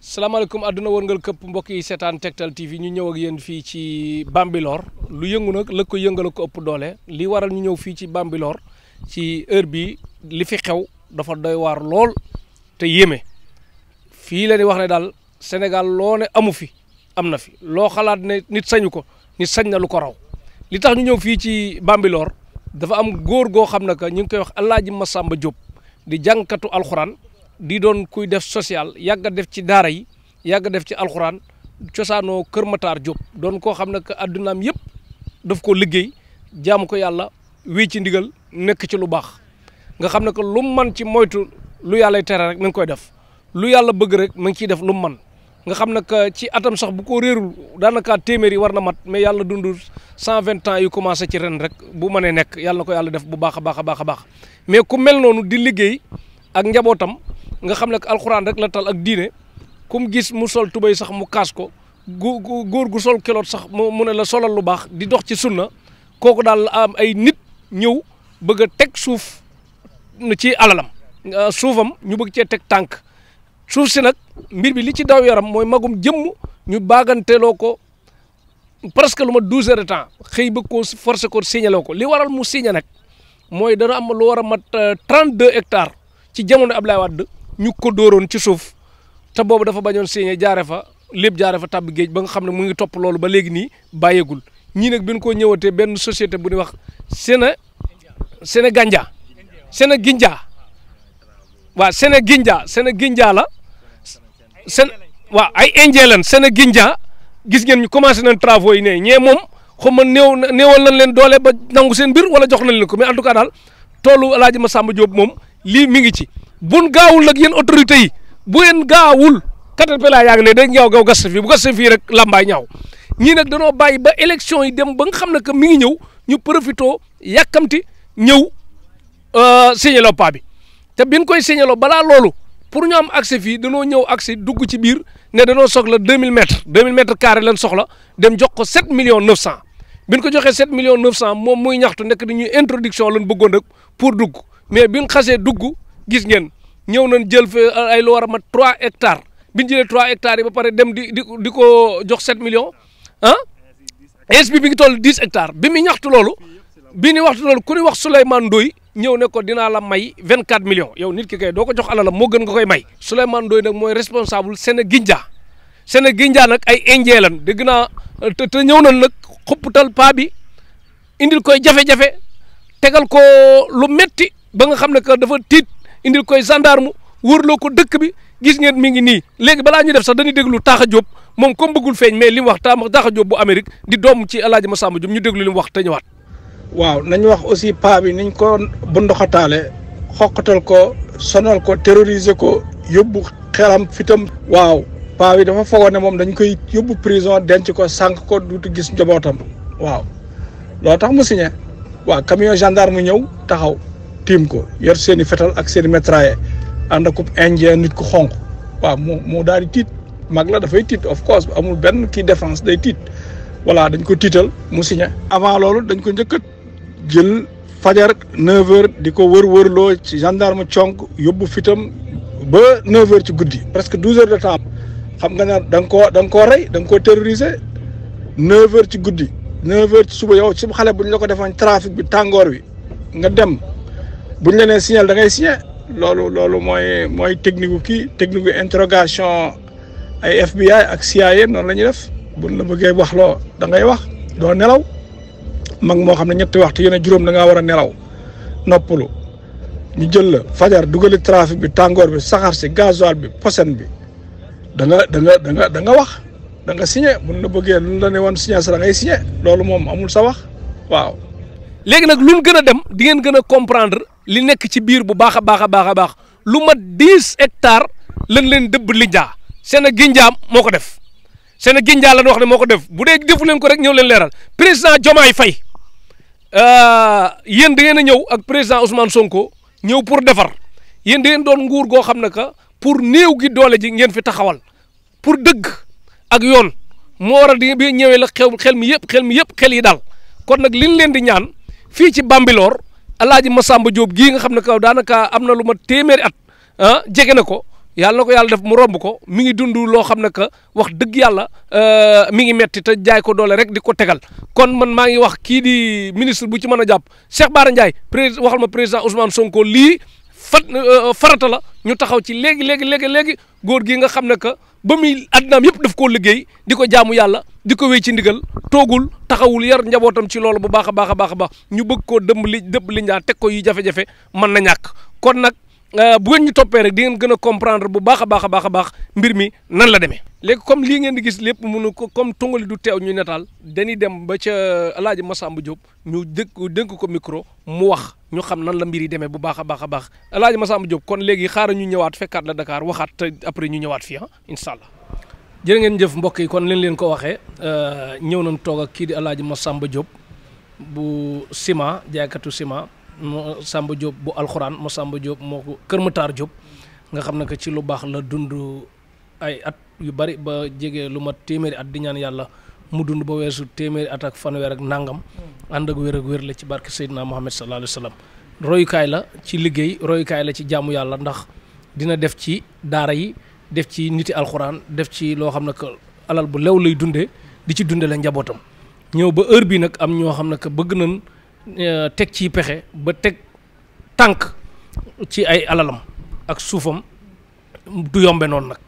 salaamaaleykum àdduna wërngal këpp mbokk yi seetaan Tektal TV ñu ñëw ak yéen fii ci Bambilor lu yëngu nag la ko yëngal ko ëpp doole li waral ñu ñëw fii ci Bambilor ci heure bi li fi xew dafa doy waar lool te yéeme fii la di wax ne daal senegal loo ne amu fi am na fi loo xalaat ne nit sañu ko nit sañ na lu ko raw li tax ñu ñëw fii ci Bambilor dafa am góor goo xam ne que ñu ngi koy wax Alaaji sàmba Diop di jànkatu alxuraan di doon kuy def social yàgg def ci daara yi yàgg def ci alxuraan cosaanoo Kër mataar Diop doon koo xam ne que addunaam yëpp daf ko liggéey jaamu ko yàlla wéy ci ndigal nekk ci lu baax nga xam ne que lu man ci moytu lu yàllay tere rek mi ngi koy def lu yàlla bëgg rek mu ngi ciy def lu mu man nga xam ne que ci atam sax bu ko réerul daanaka téeméer war na mat mais yàlla dund cent vingt ans yu commencé ci ren rek bu mënee nekk yàlla ko yàlla def bu baax baax a baax a baax mais ku mel noonu di liggéey ak njabootam nga xam ne alxuraan rek la tal ak diine kum gis mu sol tubéy sax mu kaas ko gu góor gu sol kiloot sax mu ne la solal lu baax di dox ci sunna kooku daal am ay nit ñëw bëgg a teg suuf na ci alalam suufam ñu bëgg cee teg tànk suuf si nag mbir bi li ci daw yaram mooy magum jëmm ñu baaganteeloo ko presque lu ma douze heures de temps xëy bëgg koo forcé ko signalé ko li waral mu signé nag mooy dana am lu war a mat euh, trente deux hectares ci jamono ab Abdoulaye Wade ñu ko dooroon ci suuf te boobu dafa bañoon signé jaare fa lépp jaare fa tàbb géej ba nga xam ne mu ngi topp loolu ba léegi nii bàyyeegul ñii nag biñ koo ñëwatee benn société bu ñuy wax Séné Séné Ganja Séné Ginja waa Séné Ginja Séné Ginja la Séné waaw ay indien lan Séné Ginja gis ngeen ñu commencé nañ travaux yi ne ñee moom xaw ma néew néewal nañ leen doole ba nangu seen mbir wala jox nañ leen ko mais en tout daal toolu El ma Massamba Diop moom lii mi ngi ci. bun gaawul nag yéen autorités yi bu yéen gaawul caterpillar yaa ngi ne day ñaaw gaw gas fii bu gas fii rek lambaay ñaaw ñii nag danoo bàyyi ba élection yi dem ba nga xam ne que mi ngi ñëw ñu profito yakkamti ñëw euh, signaloo paa bi te biñ koy signaloo balaa loolu pour ñu am accès fii danoo ñëw accès dugg ci biir ne danoo soxla 2000 mètres 2000 mètres carré lañ soxla dem jox ko 7 millions 900 biñ ko joxee 7 millions 900 moom muy ñaxtu nekk dañuy introduction lañ bëggoon rek pour dugg mais biñ xasee dugg gis ngeen ñëw nañ jël fa euh, ay lu war a mat trois hectares bi ñu jëlee trois hectares ba pare dem di di di ko jox sept millions ah ins bi bi ngi toll dix hectares bi mu ñaxtu loolu bi ni waxtu loolu ku ni wax Souleymane Ndoye ñëw ne ko dinaa la may vingt quatre million yow nit ki kay doo ko jox alalam moo gën nga koy may Souleymane Ndoye nag mooy responsable Sénégindia Sénégindia nag ay indien lan dégg naa euh, te ñëw nañ nag xupputal paa bi indil koy jafe-jafe tegal ko lu metti ba nga xam ne que dafa tiit indil koy gendarme wërloo ko dëkk bi gis ngeen mi ngi nii léegi balaa ñuy def sax dañuy déglu Taxa Jóob moom comme bëggul feeñ mais li mu wax Taxa Jóob bu Amérique di doom ci El ma Massamba Jóob ñu déglu li mu wax te ñëwaat. waaw nañu wax aussi paa bi niñ ko bu ndoxataale xoqatal ko sonal ko terroriser ko yóbbu xelam fitam waaw paa bi dafa foogoon ne moom dañ koy yóbbu prison denc ko sànq ko duutu gis njabootam waaw loo tax mu signé waaw camion gendarme ñëw taxaw. tiim ko yor seeni i fetal ak seen i métraillé a akub indien nit ku xonq waaw mu mu daal di tiit mag la dafay tiit of course amul benn kii défense day tiit voilà dañ ko tiital mu signé. avant loolu dañ ko njëkkat jël fajar 9h di ko wër wër loo ci gendarme conk yóbbu fitam ba 9h ci guddi presque 12h de temps xam nga ne da nga koo da nga koo rey da nga koo terroriser 9h ci guddi 9h ci suba yow ci xale bu ñu la ko defoon trafic bi tàngoor wi nga dem. buñ la nee signal da ngay signé loolu loolu mooy mooy technique gu kii technique gu interrogation ay FBI ak CIA noonu la ñuy def buñ la bëggee wax loo da ngay wax doo nelaw mag moo xam ne ñetti waxtu yéen a juróom da ngaa war a nelaw noppalu ñu jël la fajar dugali trafic bi tàngoor bi saxaar si gasoil bi posen bi danga nga da nga da da nga wax da nga signé buñ la bëggee luñ la ne woon signé sa da ngay signé loolu moom amul sa wax waaw. léegi nag lu gën a dem di ngeen gën a comprendre. li nekk ci biir bu baax a baax a baax a baax lu mat dix hectares lan leen dëbb linjaa seen ginjaam moo ko def seen ginjaa lañ wax ne moo ko def bu dee defu leen ko rek ñëw leen leeral président Diomaye Faye euh, yéen da ngeen a ñëw ak président Ousmane Sonko ñëw pour defar yéen da ngeen doon nguur goo xam ne que pour néew gi doole ji ngeen fi taxawal pour dëgg ak yoon moo waral di bi ñëwee la xew xel mi yëpp xel mi yëpp xel yi daal kon nag liñ leen di ñaan fii ci Bambilor alaaji Masamba Diop gii nga xam ne kaw daanaka am na lu ma téeméeri at ah jege na ko yàlla na ko yàlla def mu romb ko mi ngi dund loo xam ne que wax dëgg yàlla eh, mi ngi metti te jaay ko doole rek di ko tegal kon man maa ngi wax kii di ministre bu ci mën a jàpp Cheikh Bara Ndiaye président waxal ma président Ousmane Sonko lii fat eh, farata la ñu taxaw ci léegi léegi léegi léegi góor gi nga xam ne que ba muy addunaam yëpp daf koo liggéey di ko jaamu yàlla di ko wéy ci ndigal toogul taxawul yar njabootam ci loolu bu baax a baax a baax a baax ñu bëgg koo dëmb li dëbb li njaa teg ko yi jafe-jafe mën na ñàkk kon nag euh, bu ngeen ñu toppee rek di ngeen gën a comprendre bu baax baax baax a baax mbir mi nan la demee léegi comme lii ngeen di gis lépp mënu ko comme tungali du teew ñu nataal dañuy dem ba ca alaaji Massamba jóg ñu dëkk dënk ko micro mu wax ñu xam nan la mbir yi demee bu baax a baax a baax El Hadj Massamba Diop kon léegi xaaral ñu ñëwaat fekkaat la Dakar waxaat après ñu ñëwaat fii ah allah. jërë ngeen jëf mbokk yi kon leen leen ko waxee euh, ñëw nañ toog ak kii di El Hadj Massamba Diop bu ciment jaaykatu ciment Massamba Diop bu alxuraan Massamba Diop moo ko Kër Matar Diop nga xam ne que ci lu baax la dund ay at yu bari ba jege lu ma téeméeri at di ñaan yàlla. mu dund ba weesu téeméeri at ak fanweer ak nangam. Hmm. ànd ak wér ak wér la ci barke Seydina Mohamed sallallahu alayhi wa sallam royukaay la ci liggéey royukaay la ci jaamu yàlla ndax dina def ci daara yi def ci nitti alxuraan def ci loo xam ne que alal bu lew lay dundee di ci dundee dundale njabootam ñëw ba heure bi nag am ñoo xam ne que bëgg nañ euh, teg ci pexe ba teg tànk ci ay alalam ak suufam du yombe noonu nag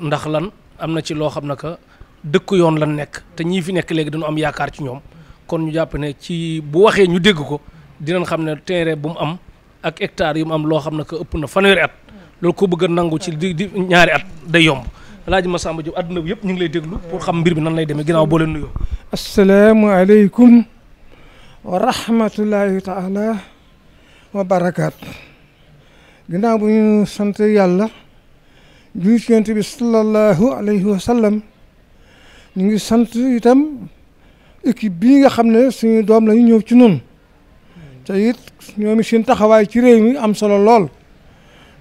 ndax lan am na ci loo xam ne que dëkk yoon lan nekk te ñii fi nekk léegi dañu am yaakaar ci ñoom kon ñu jàpp ne ci bu waxee ñu dégg ko dinañ xam ne terrain bu mu am ak hectare yu mu am loo xam ne que ëpp na fanweeri at loolu ko bëgg a nangu ci di di ñaari at day yomb ma Masamba Diop àdduna bi yëpp ñu ngi lay déglu pour xam mbir bi nan lay demee ginnaaw boo leen nuyoo. asalaamaaleykum wa rahmatullahi taala wa barakaatu ginnaaw bu ñu sant yàlla juy ci Yonent bi sallallahu alayhi wa ñu ngi sant itam équipe bii nga xam ne suñu doom lañu ñëw ci nun te it ñoom seen taxawaay ci réew mi am solo lool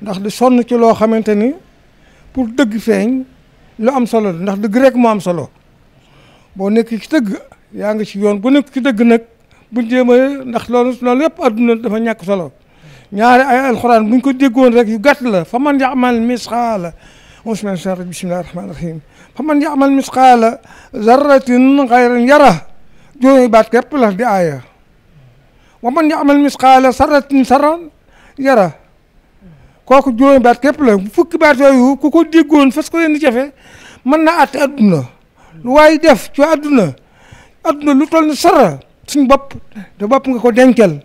ndax di sonn ci loo xamante ni pour dëgg feeñ lu am solo ndax dëgg rek mu am solo boo nekk ci dëgg yaa ngi ci yoon bu nekk ci dëgg nag buñ jéem a ndax loolu loolu yëpp adduna dafa ñàkk solo ñaari ay alxuraan buñ ko déggoon rek yu gàtt la fa man ya'mal misqaala usman shar bismillahi rahmaani rahim fa man yaamal misqaala zarratin xayran yara juróomi baat képp la di aaya wa man yaamal misqaala sarratin sarran yara kooku juróomi baat képp la fukki baat yooyu ku ko déggoon fas di jafe mën na àtte adduna lu waay def ci adduna adduna lu toll ni sarra suñ bopp te bopp nga ko denkel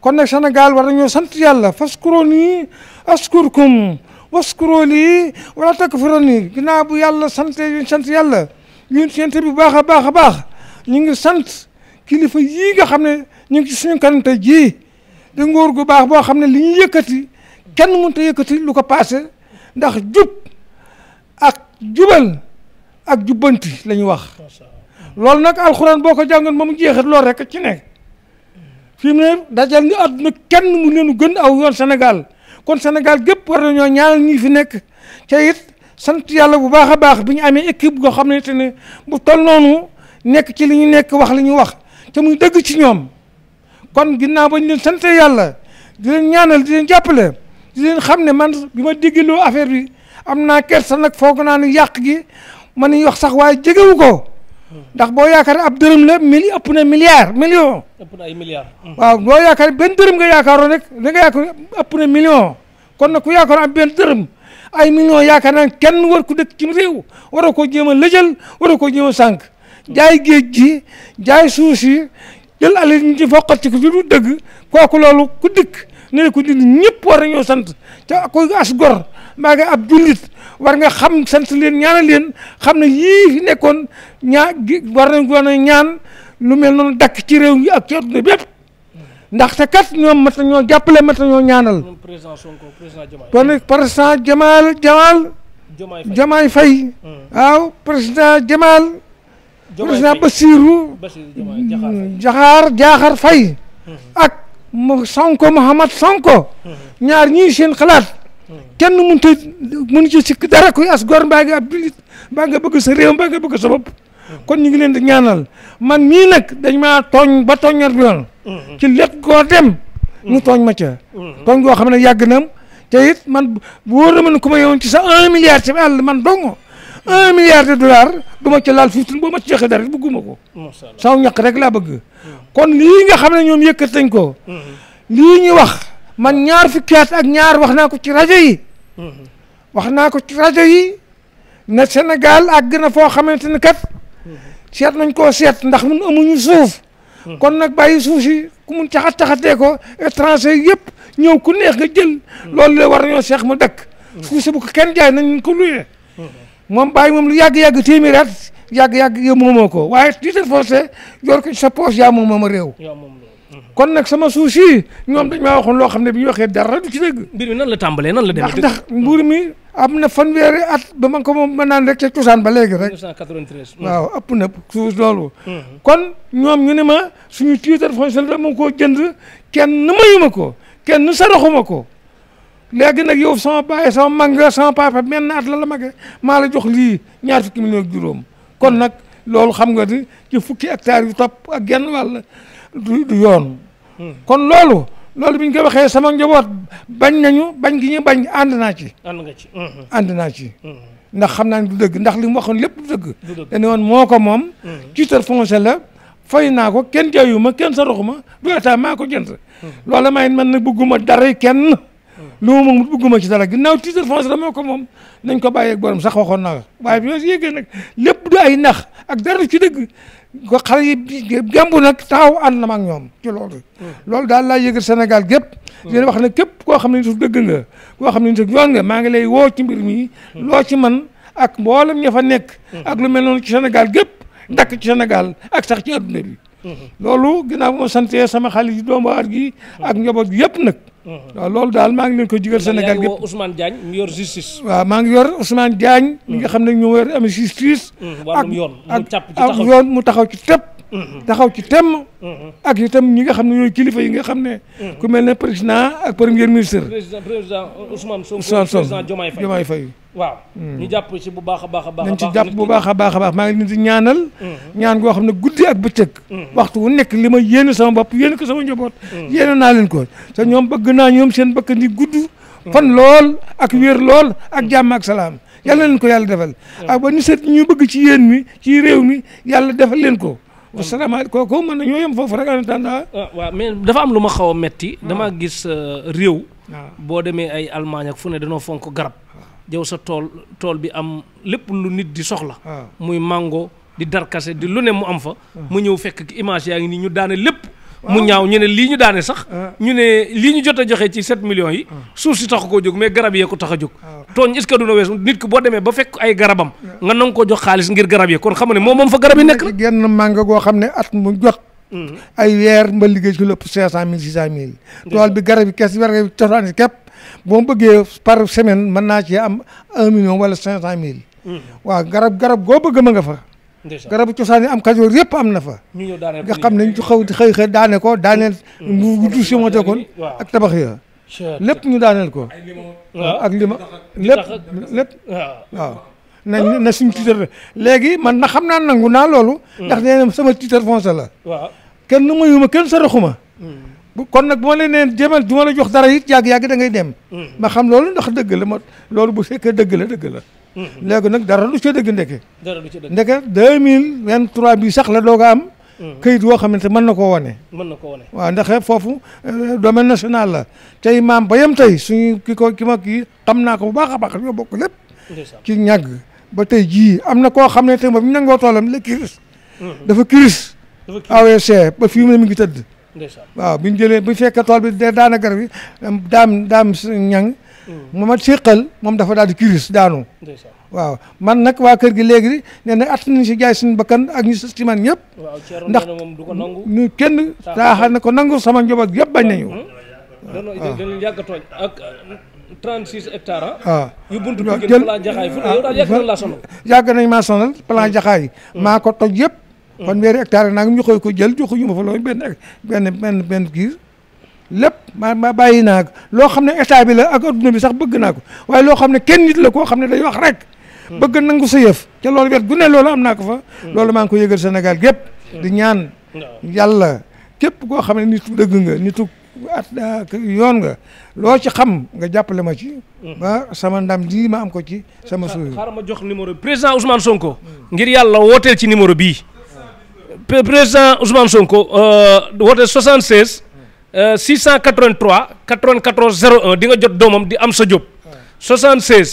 kon nag Sénégal war nañoo sant yàlla faskurooni askurkum yi waskurooli wala takfurani ginnaaw bu yàlla sante yuñ sant yàlla yuñ sante bu baax a baax a baax ñu ngi sant kilifa yii nga xam ne ñu ngi ci suñu kanam tey jii di nguur gu baax boo xam ne li ñu yëkkati kenn mënut a yëkkati lu ko paase ndax jub ak jubal ak jubbanti lañu wax loolu nag alxuraan boo ko jàngoon ba mu jeexat lool rek ci ne fii mu ne dajal ñu àdduna kenn mu leenu gën aw yoon Sénégal kon Sénégal gépp war nañoo ñaanal ñi fi nekk ca it sant yàlla bu baax a baax bi ñu amee équipe goo xam ne te ne bu tol noonu nekk ci li ñu nekk wax li ñu wax te muy dëgg ci ñoom kon ginnaaw ba ñu leen sant yàlla di leen ñaanal di leen jàppale di leen xam ne man bi ma déggiloo affaire bi am naa kersa nag foog naa ne yàq gi man wax sax waaye jegewu ko. ndax boo yaakaar ab dërëm la mili ëpp na milliard million. ëpp na ay milliards. Mm. waaw boo yaakaar benn dërëm nga yaakaaroon rek li nga yaakaar ëpp na million kon nag ku yaakaaroon ab benn dërëm ay million yaakaar naa kenn war ku dëkk ci réew waroo koo jéem a lëjal waroo koo jéem a sànq. jaay géej gi jaay suuf si jël alal ñu ci foqat ci ko fi du dëgg kooku loolu ku dikk. ne na ko nit ñëpp war nañoo sant ca koy as gor maa nga ab jullit war nga xam sant leen ñaanal leen xam ne yii fi nekkoon ñaa war nañ war na ñaan lu mel noonu dakk ci réew mi ak ci adduna bépp ndaxte kat ñoom mat nañoo jàppale mat nañoo ñaanal. président Sonko président président Jamal Jamal. Jamaay Faye hmm. waaw président Jamal. président Bassirou Jaxaar Jaxaar Faye hmm, hmm. ak. mu Sonko Mouhamed Sonko ñaar ñii seen xalaat kenn mënut a mënu ci sikk dara kuy as gor mbaa nga ab jullit mbaa bëgg sa réew bëgg sa kon ñu ngi leen di ñaanal man mii nag dañ maa toñ ba toñ bi yoon ci lépp koo dem ñu ma ca kon goo xam ne yàgg na te it man wóor na ma ne ku ma yowoon ci sa un milliard ci àll man dongo un milliard de dollars du ma ci laal suuf si boo ma ci joxe dara bëgguma ko. macha allah saw ñaq rek laa bëgg. kon lii nga xam ne ñoom yëkk nañ ko. lii ñu wax man ñaar fukki at ak ñaar wax naa ko ci rajo yi. wax naa ko ci rajo yi na Sénégal ak na foo xamante ne kat. seet nañ koo seet ndax mun amuñu suuf. kon nag bàyyi suuf ku mun caxat caxatee ko étranger yëpp ñëw ku neex nga jël. loolu la war nañoo seex mu dëkk. suuf si bu ko kenn jaay nañ ko luyee. moom bàyyi moom lu yàgg-yàgg téeméeri at yàgg-yàgg yow moomoo ko waaye titre foncier yor ko sa poche moom moom a réew mhm. kon nag sama suuf si ñoom dañ maa waxoon loo xam ne bi ñu waxee dara du ci dëgg mbir mi nan la nan la demee ndax ndax mbuur mi am na fanweeri at ba man ko moom mën naan rek ca cosaan ba léegi rek 1993 mhm. waaw ëpp na suuf loolu mhm. kon ñoom ñu ne ma suñu titre foncier la dama koo jënd kenn mayuma ko kenn saraxuma ko léegi nag yow sama baay sama mag nga sama papa menn at la la magee maa la jox lii ñaar fukki million ak juróom kon nag loolu xam nga ni ci fukki ak yu top ak genn wàll du du yoon. Hmm. kon loolu loolu bi ñu ko waxee sama njaboot bañ nañu bañ gi ñu bañ ànd naa ci. nga ci. Hmm. ànd naa hmm. ndax xam naa ne du dëgg ndax li mu waxoon lépp du dëgg. du dëgg dañu moo ko moom. titre foncier la. fay naa ko kenn jaayu ma kenn sa roxu ma du état maa ko jënd. loola may man nag bëgguma dara kenn. lu ma moom ci dara ginnaaw titre foncier la moo ko moom nañ ko bàyyeeg borom sax waxoon naa ko waaye bi ma si yëggee lépp du ay nax ak dara ci dëgg ko xale yi gembu nag taxaw ànd na ma ak ñoom ci loolu hmm. loolu daal laa yëgal Sénégal gépp hmm. dina wax ne képp koo xam ne su dëgg nga koo xam ne su yoon nga maa ngi lay woo ci mbir hmm. loo ci man ak mboolem ña fa nekk ak lu mel noonu ci Sénégal gépp dakk ci Sénégal ak sax ci adduna bi loolu ginnaaw bu ma sama xale yi doomu aar gi ak njaboot gi yëpp nag waaw loolu daal maa ngi leen ko jigal Sénégal gi Ousmane Diagne maa ngi yor Ousmane Diagne mi nga mm. xam ne ñoo yor am justice mm, ak ak yoon mu taxaw ci tëpp mm-hmm. taxaw ci temm mm-hmm. ak itam ñi nga xam ne ñooy kilifa yi nga xam ne mm-hmm. ku mel ne président ak premier ministre président Ousmane Sonko président Diomaye waaw hmm. ñu jàpp ci bu baax a baax a baax nañ ci bu baax a baax a baax maa ngi leen di ñaanal hmm. ñaan goo xam ne guddi ak bëccëg hmm. waxtu wu nekk li ma yéene sama bopp yéene ko sama njaboot yéene naa leen ko te ñoom bëgg naa ñoom seen bëkk ni gudd fan lool ak wér lool ak jàmm salaam yàlla ko yàlla defal ak ah, ba ñu ñu bëgg ci yéen mi ci réew mi yàlla defal leen ko wasalaamaaleykum kooku mën na ñoo yem foofu rek en attendant ah, waaw mais dafa am lu ma xaw a metti ah. damaa gis euh, réew boo demee ay Allemagne ak fu ne dañoo fonk garab yow sa tool tool bi am lépp lu nit di soxla ah. muy mango di darkase di lu ne mu am fa ah. mu ñëw fekk image yaa ngi nii ñu daane lépp ah. mu ñaaw ñu ne lii ñu daane sax ñu ne lii ñu jot a joxe ci 7 millions yi suuf si tax koo jóg mais garab yee ko tax a jóg tooñ est-ce que duna nit ki boo demee ba fekk ay garabam nga nanga koo jox xaalis ngir garab yi kon xam ne moom moom fa garab yi nekk la genn màng goo xam ne at mu jot mm-hmm. ay weer mba liggéey ci lépp cinq cent mille six cent mille tool bi si boo bëggee par semaine mën naa ci am un million wala cinq cent mille. Hmm. waaw garab garab goo bëgg ma nga fa. garabu cosaan yi am kajoor yëpp am na fa. nga xam ne ñu xaw xëy xëy daane ko daaneel. mu du simonte kon ak tabax ya lépp ñu daaneel ko. ak lima lépp lépp waaw. na na suñ titre léegi man na xam naa nangu naa loolu. Hmm. ndax nee na sama titre foncier la. waaw kenn mayuma kenn saraxuma. Hmm. kon nag bu ma leen neen jëmal du ma la jox dara it yàgg-yàgg da ngay dem mm. ma xam loolu ndax dëgg la ma loolu bu fekkee dëgg la dëgg la mm. léegi nag dara lu ca dëgg ndeke dara lu ca dëgg ndeke deux mille vingt trois bi sax la doog a am mm. kayit woo xamante mën na koo wane mën na koo wane waaw ndax foofu euh, domaine national la tey maam ba yam tey suñu ki ko ki ma kii xam naa ko bu baax a baax ñoo bokk lépp ci ñàgg ba tey jii am na koo xam ne tey moom ñu nangoo toolam la kiris dafa kiris AOC ba fii mu ne mi ngi tëdd waaw bi ñu jëlee bu fekk tool bi de daanaka bi daam daam ñang mu ma séqal moom dafa daal di kiris daanu waaw man nag waa kër gi léegi nee na at nañ si jaay suñu bakkan ak ñu si man ñëpp ndax ñu kenn taaxal na ko nangu sama njaboot yëpp bañ nañu hmm? dañu yàgg a tooñ ak 36 uh, hectares ah. ah yu buntu Pikine plan jaxaay fu yow daal ah, yàgg nañ maa sonal yàgg nañ maa plan jaxaay hmm. maa ko toj yëpp kon weeri hectare nangam ñu xëy ko jël joxuñu ma fa loolu benn benn benn benn giir lépp ma ma bàyyi naa loo xam ne état bi la ak adduna bi sax bëgg naa ko waaye loo xam ne kenn nit la koo xam ne day wax rek hmm. bëgg nangu sa yëf ca lool wet gu ne loolu am naa ko fa hmm. lool maa ngi ko yëgal senegal gépp hmm. di ñaan yàlla képp koo xam ne nitu dëgg nga nitu at yoon nga loo ci xam nga jàppale ma ci ba sama ndam di ma am ko ci sama suy xaaral ma jox numéro bi président Ousmane Sonko ngir yàlla wooteel ci numéro bii président Ousmane Sonko euh, woote 76 683 94 01 di nga jot doomam di am sa Diop. 76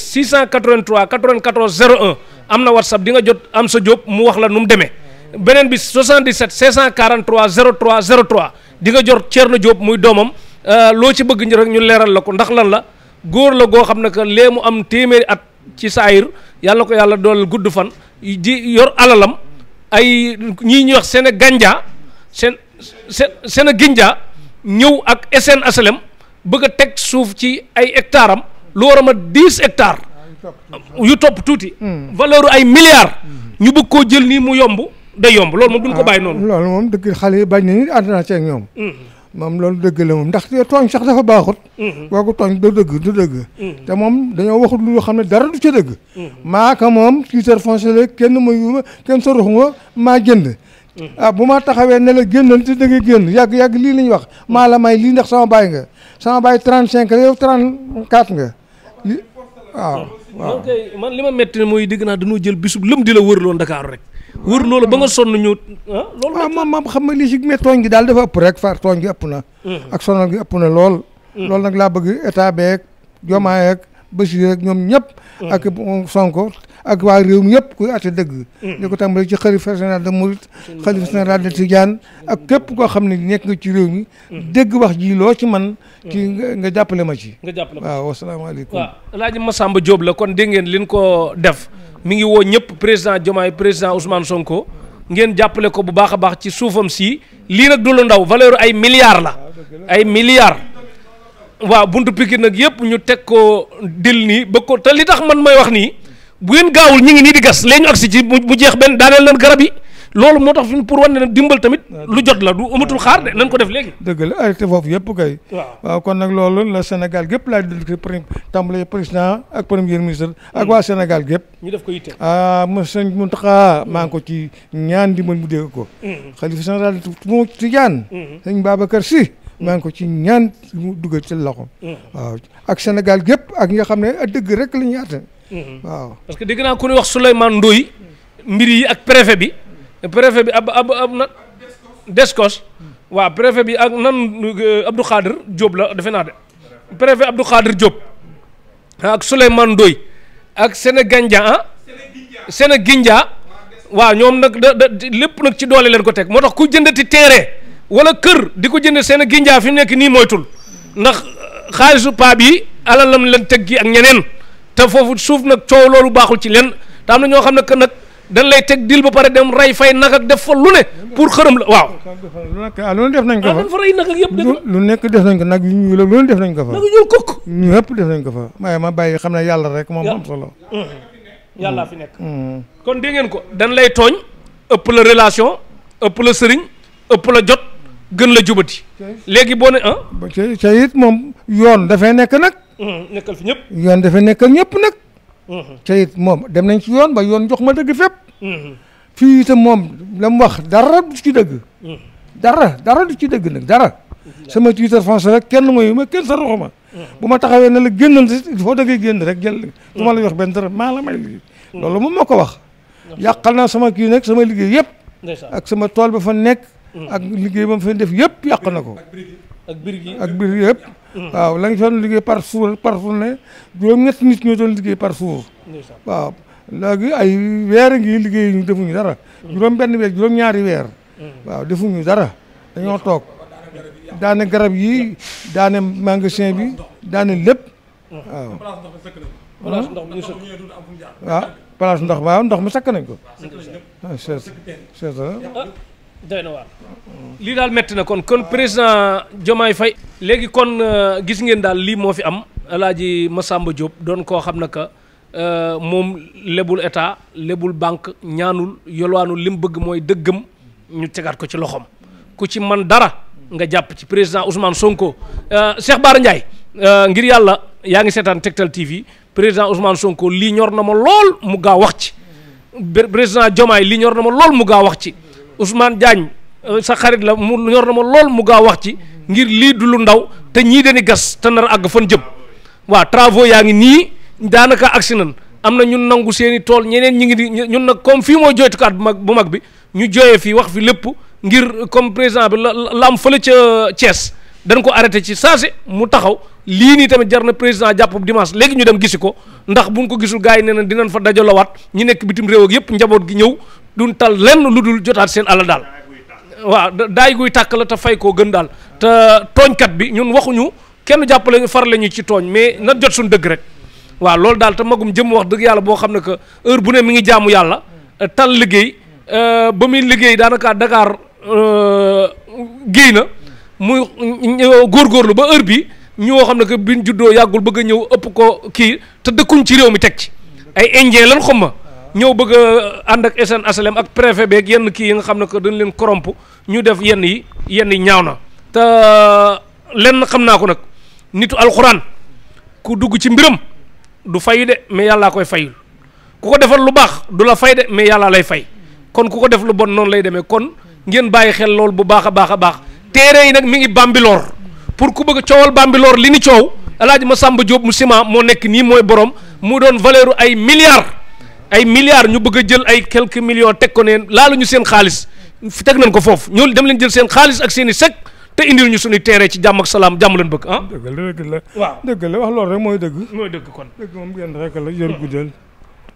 683 94 01 am na WhatsApp di nga jot am sa Diop mu wax la nu mu demee beneen bi 77 643 03 03 di nga jot Thierno Diop muy doomam euh, loo ci bëgg ñu rek ñu leeral la ko ndax lan la góor la goo xam ne que lee mu am téeméeri at ci saayir yàlla ko yàlla dool gudd fan ji yor alalam. ay ñii ñuy wax seen ganja seen seen seen ginja ñëw ak SN HLM bëgg a teg suuf ci ay hectares am lu war a ma dix hectares yu topp tuuti hmm. valeur ay milliards hmm. ñu bëgg koo jël nii mu yomb day yomb loolu moom duñ ko ah, bàyyi noonu loolu moom dëgg xale yi bañ nañu ànd naa ci ak ñoom hmm. moom loolu dëgg la moom ndax tooñ sax dafa baaxut kooku mhm. tooñ du dëgg du dëgg mhm. te moom dañoo waxut lu xam ne dara du ca dëgg mhm. maaka moom titre foncier la kenn ma yuuma kenn soroxuma maa jënd ah bu ma taxawee ne la génnal te da nga génn yàgg yàgg lii lañ wax maa la may lii ndax sama baay nga sama baay trente cinq la yow trente nga li waaw waaw ma metti mooy dégg naa dañoo jël bisub lëm di la wërloo Ndakaaru rek wër loolu ba nga sonn ñu ah, loolu waaw maam maam xam nga lii si tooñ gi daal dafa ëpp rek far tooñ gi ëpp na mm. ak sonal gi ëpp na lool mm. loolu nag laa bëgg état beeg Bachir ak ñoom ñëpp. Mm. ak Sonko ak waa réew mi yëpp ku àtte dëgg. Mm. di ko tàmbali ci xalifa général de Mouride. xalifa général de Tidiane ak képp koo xam ne nekk nga ci réew mi. Mm. dégg wax ji loo ci man ci nga jàppale ma ci. nga jàppale ma ci waaw wasalaamaaleykum. waaw El la kon dégg ngeen li ñu ko def. mu ngi woo ñëpp président Diomaye président Ousmane Sonko. ngeen jàppale ko bu baax a baax ci suufam si lii nag du ndaw valeur ay milliards la. ay milliards. waaw buntu Pikine nag yëpp ñu teg ko dil nii ba ko te li tax man may wax nii bu ngeen gaawul ñu ngi nii di gas léegi ñu agsi ci mu jeex benn daaneel leen garab yi loolu moo tax fi pour wane ne dimbal tamit lu jot la du amatul xaar de nañ ko def léegi dëgg la arrêté foofu yëpp kay waaw kon nag loolu la Sénégal gépp laa didki pr tàmbale président ak premier ministre ak waa Sénégal gépp ñu def ko yitte ah mo sëñ Mountakha maa ko ci ñaan dimbal mu dégg ko xalifa mm-hmm. général Tidiane mm-hmm. sëñ Babacar Sy maa ngi ko ci ñaan mu dugal ci loxo mm-hmm. waaw ak Sénégal gépp ak nga xam ne dëgg rek la ñuy àtte mm-hmm. waaw parce que dégg naa ku ñuy wax Souleymane Ndoye mbir yi ak préfet bi préfet bi ab ab ab na Descos mm-hmm. waaw préfet bi ak nan euh, Abdou Khadir Diop la defe naa de préfet Abdou Khadir Diop ak Souleymane Ndoye ak Sénégindia ah Sénégindia waaw ñoom nag lépp nag ci doole leen ko teg moo tax ku jëndati terrain wala kër di ko jënd seen ginjaa fi mu nekk nii moytul ndax euh, xaalisu paa bi alalam lañ teg gi ak ñeneen te foofu suuf nag coow loolu baaxul ci leen te na ñoo xam ne que nag dañ lay teg dil ba pare dem rey fay nag def fa lu ne pour xërëm la waaw. Ah, lu def nañ ko ah, fa fa rey lu nekk def nañ ko nag yu ñuul lu def nañ ko fa. nag ñuul kukk. ñëpp def nañ ko fa waaye ma bàyyi xam ne yàlla rek moom am solo. Mm-hmm. yàlla fi nekk. Mm-hmm. kon dégg ngeen ko dañ lay tooñ ëpp la relation ëpp la sëriñ ëpp la jot. gën la jubati. léegi boo ne ah. te it moom yoon dafa nekk nag. Hmm, nekkal fi ñëpp. yoon dafay nekkal ñëpp nag. Hmm. te moom dem nañ ci yoon ba yoon jox ma dëgg fépp. Hmm. fii itam moom la mu wax dara du ci dëgg. dara dara du ci dëgg nag dara. sama Twitter français rek kenn mooy ma kenn sa roxo ma. bu ma taxawee ne la génnal il faut da ngay génn rek jël. du la jox benn dara maa la may liggéey. loolu moom moo ko wax. yàqal naa sama kii nag sama liggéey yëpp. ak sama tool bi fa nekk. ak liggéey ba mu fi def yëpp yàq na ko. ak biir gi ak biir yëpp. waaw la ñu doon liggéey par jour par journée juróom-ñett nit ñoo doon liggéey par jour. waaw léegi ay weer ngi liggéey ñu defuñu dara. juróom-benn weer juróom-ñaari weer. Mm. waaw defuñu dara dañoo toog daane garab yi daane magasin bi daane lépp mm. waaw. place ndox mi sëkk waaw ah, place ndox waaw ndox mi sakk nañ ko. Ah, c'est ça doy na lii daal métti na kon kon président Diomaye fay léegi kon euh, gis ngeen daal lii moo fi am ma sàmba Diop doon koo xam ne que euh, moom lebul état lebul banque ñaanul yolwaanul li mu bëgg mooy dëggam ñu tegaat ko ci loxoom ku ci man dara nga jàpp ci président Ousmane Sonko euh, Cheikh Bara Ndiaye ngir yàlla yaa ngi seetaan Tektal TV président Ousmane Sonko lii ñor na ma lool mu gaa wax ci président Diomaye lii ñor na ma lool mu gaa wax ci Ousmane Diagne euh, sa xarit la mu ñor na ma lool mu gaaw wax ci ngir lii du lu ndaw te ñii dañuy gas te nar àgg fan jëm waa travaux yaa ngi nii daanaka agsi nan am na ñun nangu seeni tool ñeneen ñi ngi di ñun nag comme fii mooy jooytukaat bu mag bu mag bi ñu jooyee fii wax fi lépp ngir comme président bi la la am fële ca Thiès dan ko arrêté ci saasi mu taxaw lii nii tamit jar na président jàpp dimanche léegi ñu dem gisi ko ndax bu buñ ko gisul gars yi nee na dinañ fa dajalawaat ñi nekk bitim réew ak yëpp njaboot gi ñëw duñ tal lenn lu dul jotaat seen alal daal waaw daay guy tàkk la te fay koo gën daal te tooñkat bi ñun waxuñu kenn jàppale far farale ñu ci tooñ mais na jot suñ dëgg rek waaw loolu daal te magum jëm wax dëgg yàlla boo xam ne que heure bu nee mi ngi jaamu yàlla eh, tal liggéey eh, ba muy liggéey daanaka Dakar eh, géey na góor góorgóorlu ba heure bi ñoo xam ne que biñ juddoo yàggul bëgg a ñëw ëpp ko kii te dëkkuñ ci réew mi teg ci ay indien lan xom ñëw bëgg ànd ak SN HLM ak préfet beeg yenn kii yi nga xam ne que dañ leen koromp ñu def yenn yi yenn yi ñaaw na te lenn xam naa ko nag nitu alxuraan ku dugg ci mbiram du fay de mais yàllaa koy fayul ku ko defal lu baax du la fay de mais yàllaa lay fay kon ku ko def lu bon noonu lay demee kon ngeen bàyyi xel lool bu baax a baax a baax téere yi nag mi ngi bambiloor pour ku bëgg coowal bambiloor li ni coow alaaji Masamba Diop mu ciment moo nekk nii mooy borom mu doon valeur ay milliards ay milliards ñu bëgg a jël ay quelque millions teg ko neen laalu ñu seen xaalis teg nañ ko foofu ñoo dem leen jël seen xaalis ak seeni i te indi ñu sunu teere ci jàmm ak salaam jàmm lañ bëgg ah. dëgg la dëgg la waaw dëgg la wax loolu rek mooy dëgg. mooy dëgg kon dëgg moom ngeen rek la yor guddal.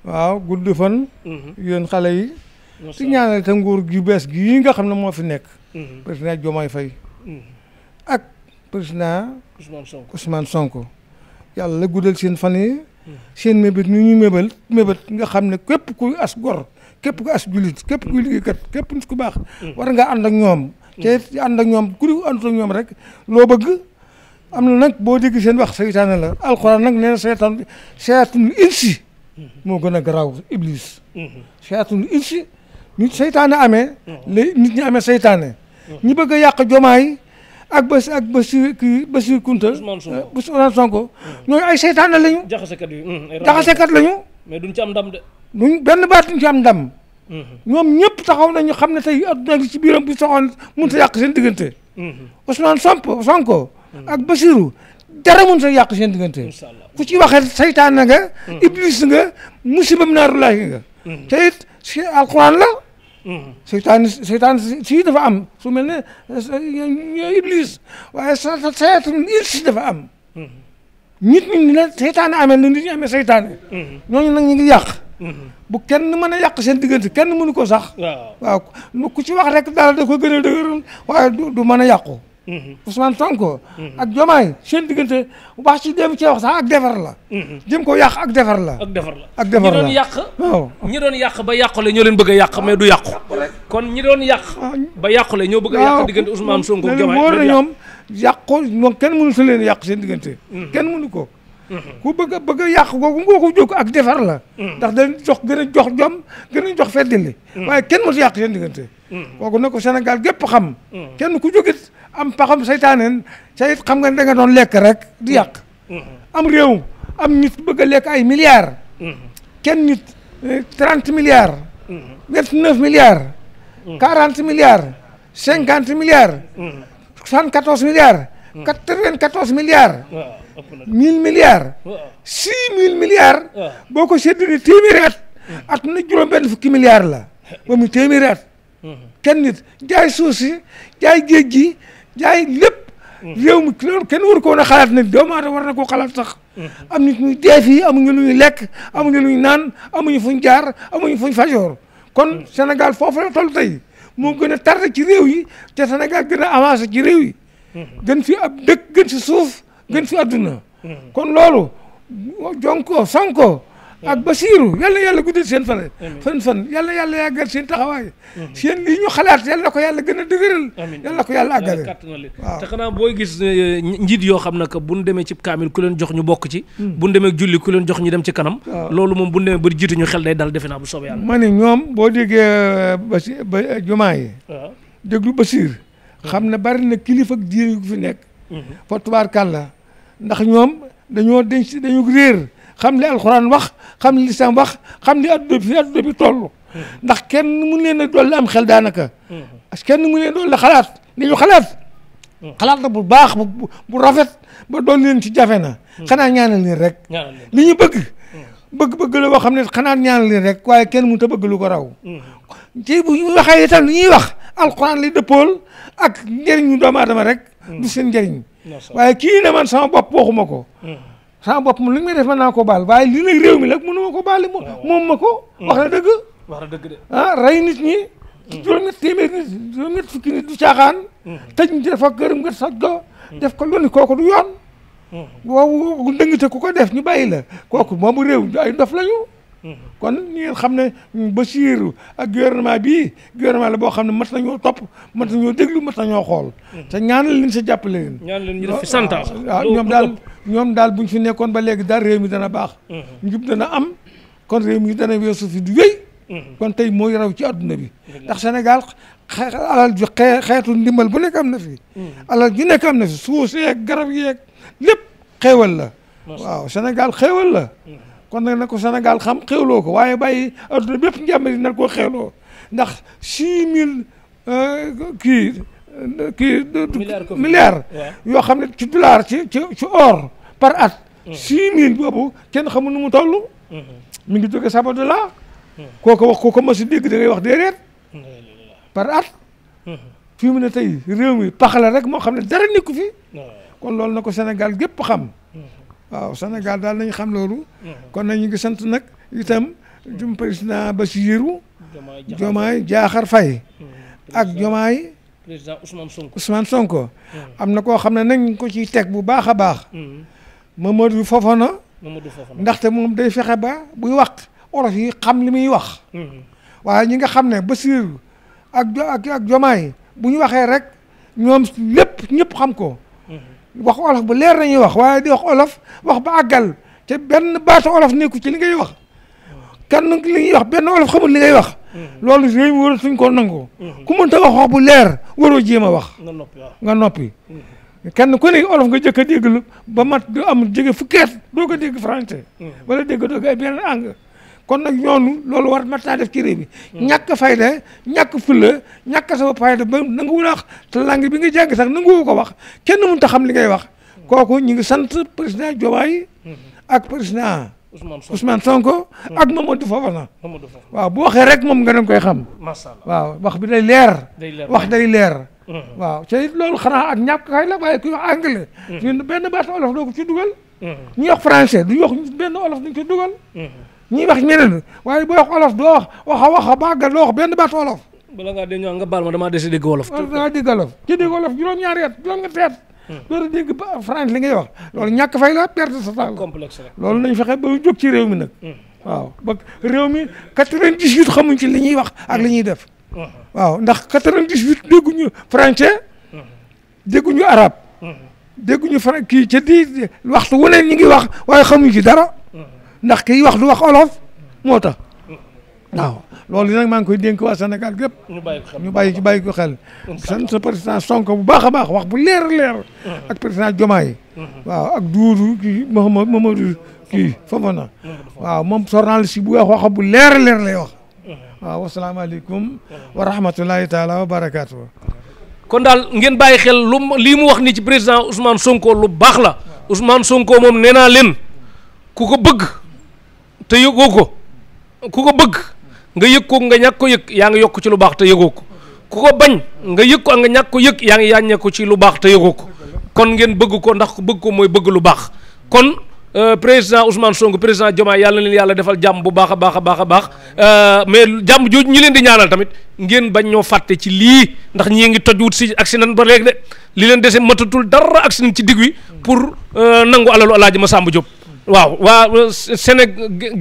waaw gudd fan. Mhm. yéen xale yi. ci ñaanal te nguur gi bees gii yi nga xam ne moo fi nekk. Mhm. président Diomaye Faye. Mhm. ak président. Ousmane Sonko Ousmane Sonko. yàlla guddal seen fan yi seen mébét ñu ñu mébal nga xam ne képp ku as gor képp ku as julit képp ku liggéeykat képp nit ku baax war nga ànd ak ñoom te ànd ak ñoom ku di ànd ak rek loo bëgg am na nag boo dégg seen wax seytaane la alxuraan nag na seytaan seytaanu insi a garaaw iblis seytaanu insi nit seytaane amee mm. nit ñi amee seytaane ñi bëgg a yàq jomaay ak bés ak Bassirou kii Bassirou Kounta. Ousmane Sonko eh, hmm. ñooñu ay seytaane lañu. jaxasekat yi hmm, ay jaxasekat lañu. mais duñ ci am ndam de. duñ benn ba duñ ci am ndam. Hmm. ñoom ñëpp taxaw xam ne tey adduna gi ci biiram bu soxoon mënut a yàq seen diggante. Ousmane Sonko Sonko. ak Bassirou dara mënut a yàq seen diggante. ku ci waxee seytaane nga. iblis nga musibam naarulaahi nga. te it la. seytaane seytaane si dafa am su mel ne iblis waaye sayaatul insi dafa am nit ñi ni la seytaane amee ni nit ñi amee seytaane ñooñu nag ñu ngi yàq bu kenn mën a yàq seen diggante kenn mënu ko sax waaw ku ci wax rek dara da ko gën a dëgër waaye du mën a yàqu Mm-hmm. Ousmane Sonko mm-hmm. ak Diomaye seen diggante wax ci dem ci wax sax ak defar la mm-hmm. jëm ko yàq ak defar la ak defar la ak defar la ñi doon yàq waaw ñi yàq ba yàqule ñoo leen bëgg a yàq mais du yàqu kon ñi doon yàq ah. ba yàqule ñoo bëgg a yàq diggante Ousmane Sonko ak Diomaye wóor na ñoom yàq ko moom kenn mënu su leen yàq seen diggante kenn mënu ko ku bëgg a bëgg a yàq googu ngoo ko ak defar la ndax dañ jox gën a jox jom gën a jox feddali waaye kenn mësu yàq seen diggante kooku na ko Sénégal gépp xam kenn ku jógit am paxam saytaaneen say xam nga ne da nga doon lekk rek di yàq am réew am nit bëgg lekk ay milliards kenn nit eh, trente milliards vingt neuf milliards quarante milliards cinquante milliards soixante quatorze milliards quatre vingt mille milliards. six mille milliards. boo ko séddalee téeméeri at. at na juróom-benn fukki milliards la. ba muy téeméeri at. Mhm. kenn nit jaay suuf jaay géej gi jaay lépp. Mhm. réew mi loolu kenn waru ko woon a xalaat nag doomu aadama war na koo xalaat sax. Mhm. am nit ñuy dee fii amuñu lu ñuy lekk amuñu lu ñuy naan amuñu fuñ jaar amuñu fuñ fajoor kon senegal foofu la toll tey moo gën a tardé ci réew yi te Sénégal gën a avancé ci réew yi. gën si ab dëkk gën si suuf. gën si adduna mm. mm. kon loolu Jonko Sonko mm. ak Basiiru yal na yàlla guddal seen fan fan fan yal yàlla yàggal seen taxawaay mm-hmm. seen lii ñu xalaat yal na ko yàlla gën a dëgëral yal na ko yàlla àggale waaw te xanaa booy gis eh, eh, njiit yoo xam ne que bu ñu demee ci kaamil ku leen jox ñu bokk ci bu ñu julli ku leen jox ñu dem ci kanam loolu moom bu ñu demee ba jiitu ñu xel day dal defe naa bu soobee yàlla ma ne ñoom boo déggee eh, ba jumaa yi déglu Basiir xam ne bari na kilifa ak fi nekk mm-hmm. ndax ñoom dañoo denc dañu réer xam li alxuraan wax xam li lislaam wax xam li adduna bi fi adduna bi toll. ndax kenn mu leen a dolli am xel daanaka. kenn mu leen dolli xalaat dañu xalaat. xalaat na bu baax bu bu rafet ba doon leen ci jafe na. xanaa ñaanal leen rek. li ñu bëgg. bëgg-bëgg la xam ne xanaa ñaanal leen rek waaye kenn mënut ta bëgg ko raw. Mm-hmm. ci bu waxee itam li ñuy wax alxuraan li dëppool ak njëriñu doomu aadama rek. du seen njëriñ waaye kii ne man sama bopp waxuma ko hmm. sama bopp mu li nga def mën naa ko baal waaye lii nag réew mi nag mënuma ko baale hmm. moom ma ko hmm. wax dëgg wax na dëgg de ah rey nit ñi juróom-ñett téeméer nit juróom-ñett fukki nit du caaxaan tëj ñu def ak gërëm nga soj def ko lu ne kooku du yoon woowu ndëngite ku ko def ñu bàyyi la kooku moomu réew ay ndof lañu kon ngeen xam ne Bachir ak gouvernement bii gouvernement la boo xam ne mat nañoo topp mat nañoo déglu mat nañoo xool. Mm-hmm. te ñaanal leen sa jàppale leen. ñaan leen ñu def ñoom daal ñoom daal bu ñu fi nekkoon ba léegi daal réew mi dana baax. Mm-hmm. njub dana am kon réew mi dana weesu fi du wéy. Mm-hmm. kon tey mooy raw ci adduna bi. ndax Sénégal alal ju xeetu ndimbal bu nekk am na fi. alal ju nekk am na fi suuf yeeg garab yeeg lépp xéewal la. waaw senegal xéewal la. kon nag na ko senegal xam xewloo ko waaye bàyyi adduna bépp njàmbur yi na koo xewloo ndax six mille euh, kii kii. milliar yoo xam ne ci dollar ci ci ci or par at. Mm. six boobu kenn xamul nu mu toll. Mm-hmm. mi ngi jóge Sabodala. Mm. koo ko wax koo ko mos a dégg wax déedéet. par at. Mm-hmm. fii mu ne tey réew mi pax rek moo xam ne dara nekku fi. kon loolu na ko Sénégal gépp xam. waaw Sénégal daal nañ xam loolu. Mhm. kon na ñu ngi sant nag itam. jum mhm. président Bassirou. Diomaye Diakhar Faye. Mhm. ak Diomaye. président Ousmane Sonko Ousmane Sonko. am na koo xam ne nañ ko ciy teg bu baax a baax. Mamadou Fofana. Mamadou Fofana ndaxte moom day fexe ba buy wax olof yi xam li muy wax. waaye ñi nga xam ne Bassirou ak ak ak bu ñu waxee rek ñoom lépp ñëpp xam ko. wax olof bu leer nañuy wax waaye di wax olof wax ba àggal te benn baat olof nekku ci li ngay wax kan li wax benn olof xamul li ngay wax mm-hmm. loolu réew war suñ ko nangoo mm-hmm. ku mënta wax wax bu leer waroo jéem a wax nga noppi mm-hmm. kenn ku ne olof nga jëkk a déglu ba mat du am jóge fukkeet doo ko dégg français wala dégg doo ko ay kon nag ñoonu loolu war na taa def ci réew mi ñàkk fayda ñàkk fulla ñàkk sama fayda ba nangu wula wax te langue bi nga jàng sax nangu ko wax kenn mënut a xam li ngay wax kooku ñu ngi sant président Diomaye ak président Ousmane Sonko hmm. ak Mamadou Fofana waaw bu waxee rek moom nga doon koy xam waaw wax bi day leer wax day leer hmm. waaw te it loolu xanaa ak ñàkk kay la waaye kuy wax anglais hmm. ñun benn baatu olof doo ko ci dugal ñuy wax français duñu wax benn olof duñ ci dugal ñuy wax ñeneen waaye booy wax olof doo wax waxa waxa bàggal doo wax benn baat olof. bala ngaa dégg nga baal ma damaa des a dégg wolof. damaa dégg wolof ci dégg wolof juróom-ñaari at juróom-ñetti hmm. door a dégg France li ngay wax la perte sa temps complexe la loolu nañ fexe ba jóg ci réew mi nag. Hmm. waaw ba réew mi quatre-vingt-dix-huit xamuñ ci li ñuy ak li def. Hmm. waaw ndax quatre-vingt-dix-huit dégguñu français. dégguñu arabe. kii ca di waxtu wu ne ñu ngi wax waaye xamuñ ci dara. ndax kiy wax du wax olof moo tax mm. waaw loolu nag maa ngi koy dénk waa Sénégal gépp ñu bàyyi ci bàyyi ko xel mm. sant sa président Sonko bu baax a baax wax bu leer leer mm. ak président Diomaye mm-hmm. waaw ak Doudou kii Mahamad Mamadou kii Fofana waaw moom journaliste bu wax wax bu leer leer lay wax mm-hmm. waaw wasalaamaaleykum mm-hmm. wa rahmatulahi taala wa barakaatu kon daal ngeen bàyyi xel lu lii mu wax nii ci président Ousmane Sonko lu baax la Ousmane Sonko moom nee naa leen ku ko bëgg te yëgoo ko ku ko bëgg nga yëg ko nga ñàkk ko yëg yaa ngi yokk ci lu baax te yëgoo ko ku ko bañ nga yëg ko nga ñàkk ko yaa ngi yàññee ci lu baax ko kon ngeen bëgg ko ndax bëgg ko mooy bëgg lu baax kon euh, président Ousmane Sonko président Diomaye yàlla leen yàlla defal jàmm bu baax a baax a baax a baax euh, mais jàmm jooju ñi leen di ñaanal tamit ngeen bañ ñoo fàtte ci lii ndax ñii ngi toj wut si accident ba léegi de li leen dese matatul dara accident ci digg wi pour euh, nangu alalu ma Masamba Diop waaw waa Séné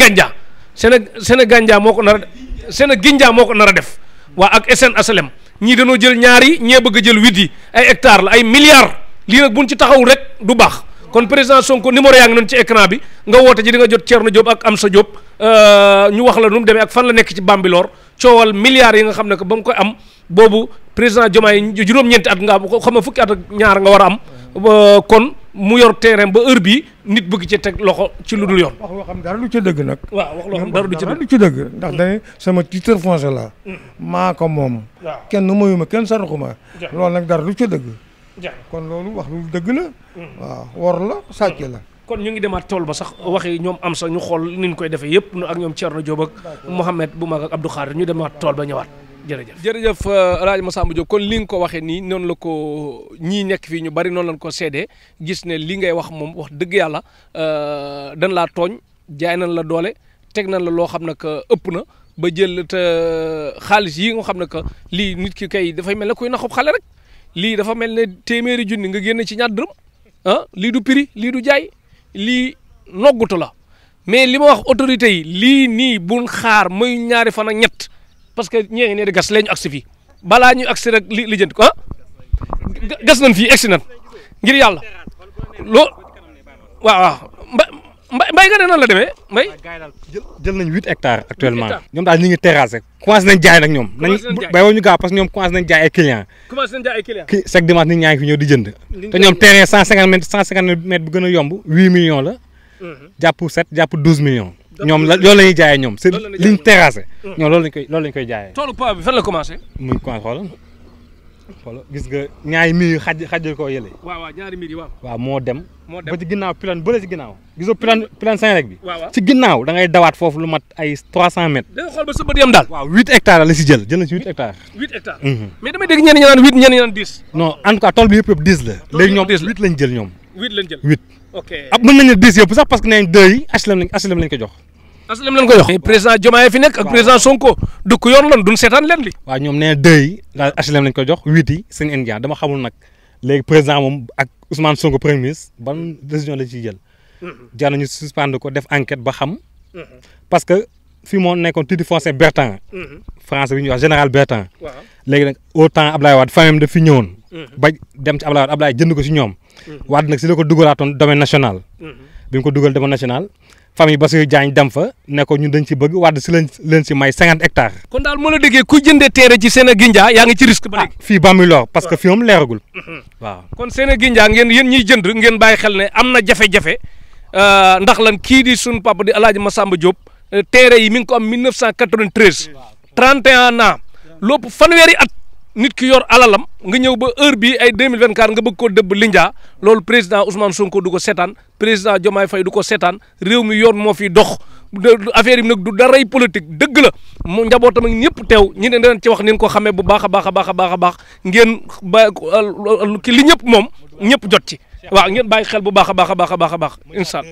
Gandia Séné Séné Gandia moo ko nar a Séné moo ko nar a def waa ak SN HLM ñii danoo jël ñaar yi ñee bëgg jël huit yi ay hectares la ay milliards lii bu buñ ci taxawul rek du baax kon président Sonko numéro yaa ngi noonu ci écran bi nga woote ji di nga jot Thierno Diop ak Amsa Diop euh, ñu wax la nu mu demee ak fan la nekk ci Bambilor coowal milliards yi nga xam ne ko ba mu koy am boobu président Diomaye juróom-ñeenti at nga am xam nga fukki at ñaar nga war am euh, kon. mu yor terrain ba heure bi nit buggi ci teg loxo ci lu dul yoon. wax loo xam dara lu ci dëgg nag. waaw wax loo xam dara lu ci dëgg. ndax mm. dañuy sama titre foncier la mm. maa ko moom. kenn moyu ma kenn saruxu ma. loolu nag dara lu ci dëgg. kon loolu wax lu dëgg la. Mm. waaw wor la sàcc la. kon ñu ngi demaat tool ba sax waxi ñoom am sa ñu xool ni koy defee yëpp ak ñoom Thierno Diop ak Mouhamed bu mag ak Abdou Khadir ñu demaat tool ba ñëwaat. jërëjëf jërëjëf euh, El Hadj Massamba kon li nga ko waxee nii noonu la ko ñii nekk fii ñu bari noonu lañ ko seedee gis ne lii ngay wax moom wax dëgg yàlla euh, dañ laa tooñ jaay nañ la doole teg nañ la loo xam ne que ëpp na ba jël te euh, xaalis yi nga xam ne que lii nit ki kay dafay mel ne kuy naxub xale rek lii dafa mel ne téeméeri junni nga génn ci ñaar dërëm ah lii du prix lii du jaay lii noggutu la mais li ma wax autorité yi lii nii bu xaar muy ñaari fan a ñett. parce que ñee ngi nee di gas lee ñu agsi fii ñu agsi rek li ko ah gas nañ fii agsi nañ ngir yàlla loo waaw waaw mbay mbay nga ne noonu la demee mbay. jël nañ huit hectares actuellement. ñoom daal ñu ngi terrassé. commencé jaay nag ñoom. commencé nañ ñu gaaw parce que ñoom commencé nañ jaay ay clients. chaque dimanche nit ñaa fi ñëw di jënd. te ñoom terrain cent cinquante mètres bu gën yomb huit millions la. Mhm. jàpp sept jàpp douze millions. ñoom la loolu la ñuy jaayee ñoom. loolu la ñuy jaayee liñ terrassé. ñoom mm. loolu lañ koy loolu lañ koy jaayee. toolu gis nga ñaari miir yi xaj xajal koo yële. waaw waaw ñaari miir yi moo dem. moo dem ba ci ginnaaw plan bële ci ginnaaw. gisoo plan mm. plan rek bi. waaw ci ginnaaw da ngay dawaat foofu lu mat ay trois cent mètres. huit hectares la si jël jël na si huit hectares. huit hectares. Mhm. huit la. léegi ñoom huit lañ jël ñoom. huit ab ah, mën nañu dix yëpp sax parce que nee nañ deux lañ ko jox aslem leen ko wax président Diomaye fi nekk ak président Sonko dëkk yoon lan duñ seetaan leen li waaw ñoom nee na deux yi jox huit yi seen India dama xamul nag léegi président moom ak Ousmane Sonko premier ministre ban décision la ciy jël. Mm-hmm. jar nañu suspendre ko def enquête ba xam. Mm-hmm. parce que fii moon nekkoon tuuti foncé Bertrand. Mm-hmm. français bi ñuy wax général Bertrand. waaw léegi nag au temps Ablaye Wade famille daf fi ñëwoon. ba dem ci Ablaye Wade Ablaye jënd ko si ñoom. Wade nag si la ko dugalaatoon domaine national. bi mu ko dugal domaine famille Bassirou Diagne dem fa ne ko ñun dañ ci bëgg wàdd si leen si may cinquante hectares. kon daal mën a déggee ku jëndee terre ci Sénégindia yaa ngi ci risque ba léegi. Ah, fii Bambilor parce que fii moom leeragul. Mhm. waaw kon Sénégindia ngeen yéen ñiy jënd ngeen bàyyi xel ne am na jafe euh, ndax lan kii di suñu papa di El Hadj Massamba Diop euh, terre yi mi ngi ko am 1993 31 ans lépp fanweeri at. nit ki yor alalam nga ñëw ba heure bi ay 2024 nga bëgg koo dëbb linjaa loolu président Ousmane Sonko du ko seetaan président Diomaye fay du ko seetaan réew mi yoon moo fiy dox affaire yi nag du daray politique dëgg la mu njabootam ak ñëpp teew ñi ne danañ ci wax ni ko xamee bu baax a baax a baax a baax a baax ngeen ba ki li ñëpp moom ñëpp jot ci waaw ngeen bàyyi xel bu baax a baax a baax a baax incha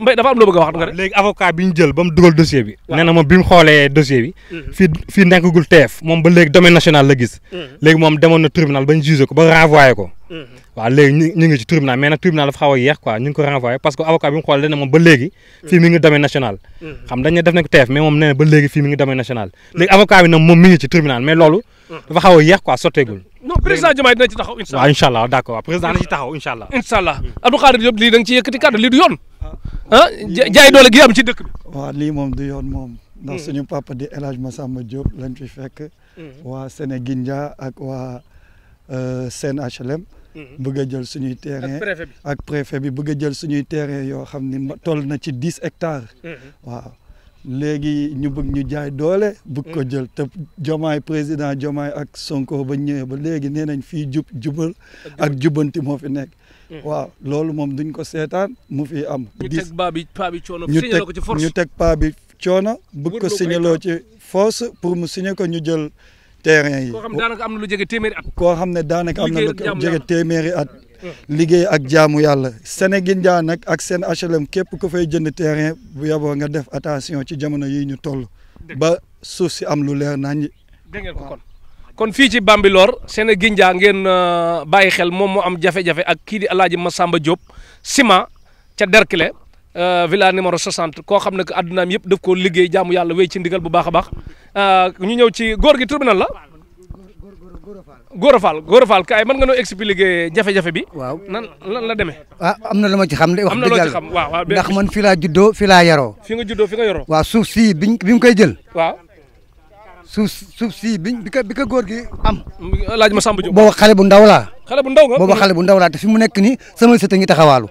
mbay dafa am a wax nga de. léegi jël ba mu dugal dossier bi. waaw nee na moom bi mu xoolee dossier bi. Mm-hmm. fii fii nekkagul TF moom ba léegi domaine national la gis. Mm-hmm. léegi moom demoon na tribunal ba ñu ko ba renvoyé ko. Mm-hmm. waaw léegi ñu ci tribunal mais nag tribunal xaw a yéex quoi ko renvoyé parce que avocat bi mu na moom ba léegi. fii mi ngi national. xam dañ def na ko TF moom nee ba léegi fii mi ngi national. léegi avocat bi moom mi ci tribunal mais loolu dafa xaw a yéex quoi sotteegul. non président Diomaye dina ci taxaw incha allah waaw incha allah ci taxaw incha allah. incha allah hmm. Abdou Khadre Diop lii da nga ciy yëkkati kàddu lii du yoon. ah, ah jaay doole gi am ci dëkk bi. waaw lii moom du yoon moom. ndax hmm. suñu papa di El Hadj Massamba Diop lañ fi fekk. Hmm. waa sene Sénégindia ak waa euh, Sen HLM. bëgg a jël suñuy terrain ak préfet bi ak bëgg a jël suñuy terrain yoo xam ni toll na ci diis hectares. waaw léegi ñu bëgg ñu jaay doole bëgg ko mm. jël te jomaay président Diomaye ak Sonko ba ñëwee ba léegi nee nañ fii jub jubal ak ti moo fi nekk mm. waaw loolu moom duñ ko seetaan mu fi am ñu teg paa bi coono ñu teg paa bi coono bëgg ko signaloo ci force pour mu signé ko ñu jël terrain yi koo xam ne daanaka am na lu jege téeméeri at liggéey ak jaamu yàlla Sénégindia nag ak seen HLM képp ku fay jënd terrain bu yaboo nga def attention ci jamono yi ñu toll ba suuf si am lu leer nañ dégg ngeen ko kon kon fii ci Bambilor Sénégindia ngeen euh, bàyyi xel moom moo am jafe-jafe ak kii di ma sàmba Diop ciment ca Derklé euh, villa numéro 60 koo xam ne que addunaam yëpp def koo liggéey jaamu yàlla wéy ci ndigal bu baax a baax euh, ñu ñëw ci góor gi tribunal la Gora Fall Gora Fall kaay mën nga noo expliquer jafe-jafe bi. waaw nan lan la demee. ah am na lu ma ci xam de wax dëgg yàlla ndax man fi laa juddoo fi laa yaroo. fi nga juddoo fi nga yaroo. waaw suuf si bi mu koy jël. waaw suuf suuf si biñ bi ko bi ko góor gi am. laaj ma Samba Diop booba xale bu ndaw la xale bu ndaw nga booba mm-hmm. xale bu ndaw laa te fi mu nekk nii sama sët a ngi taxawaalu.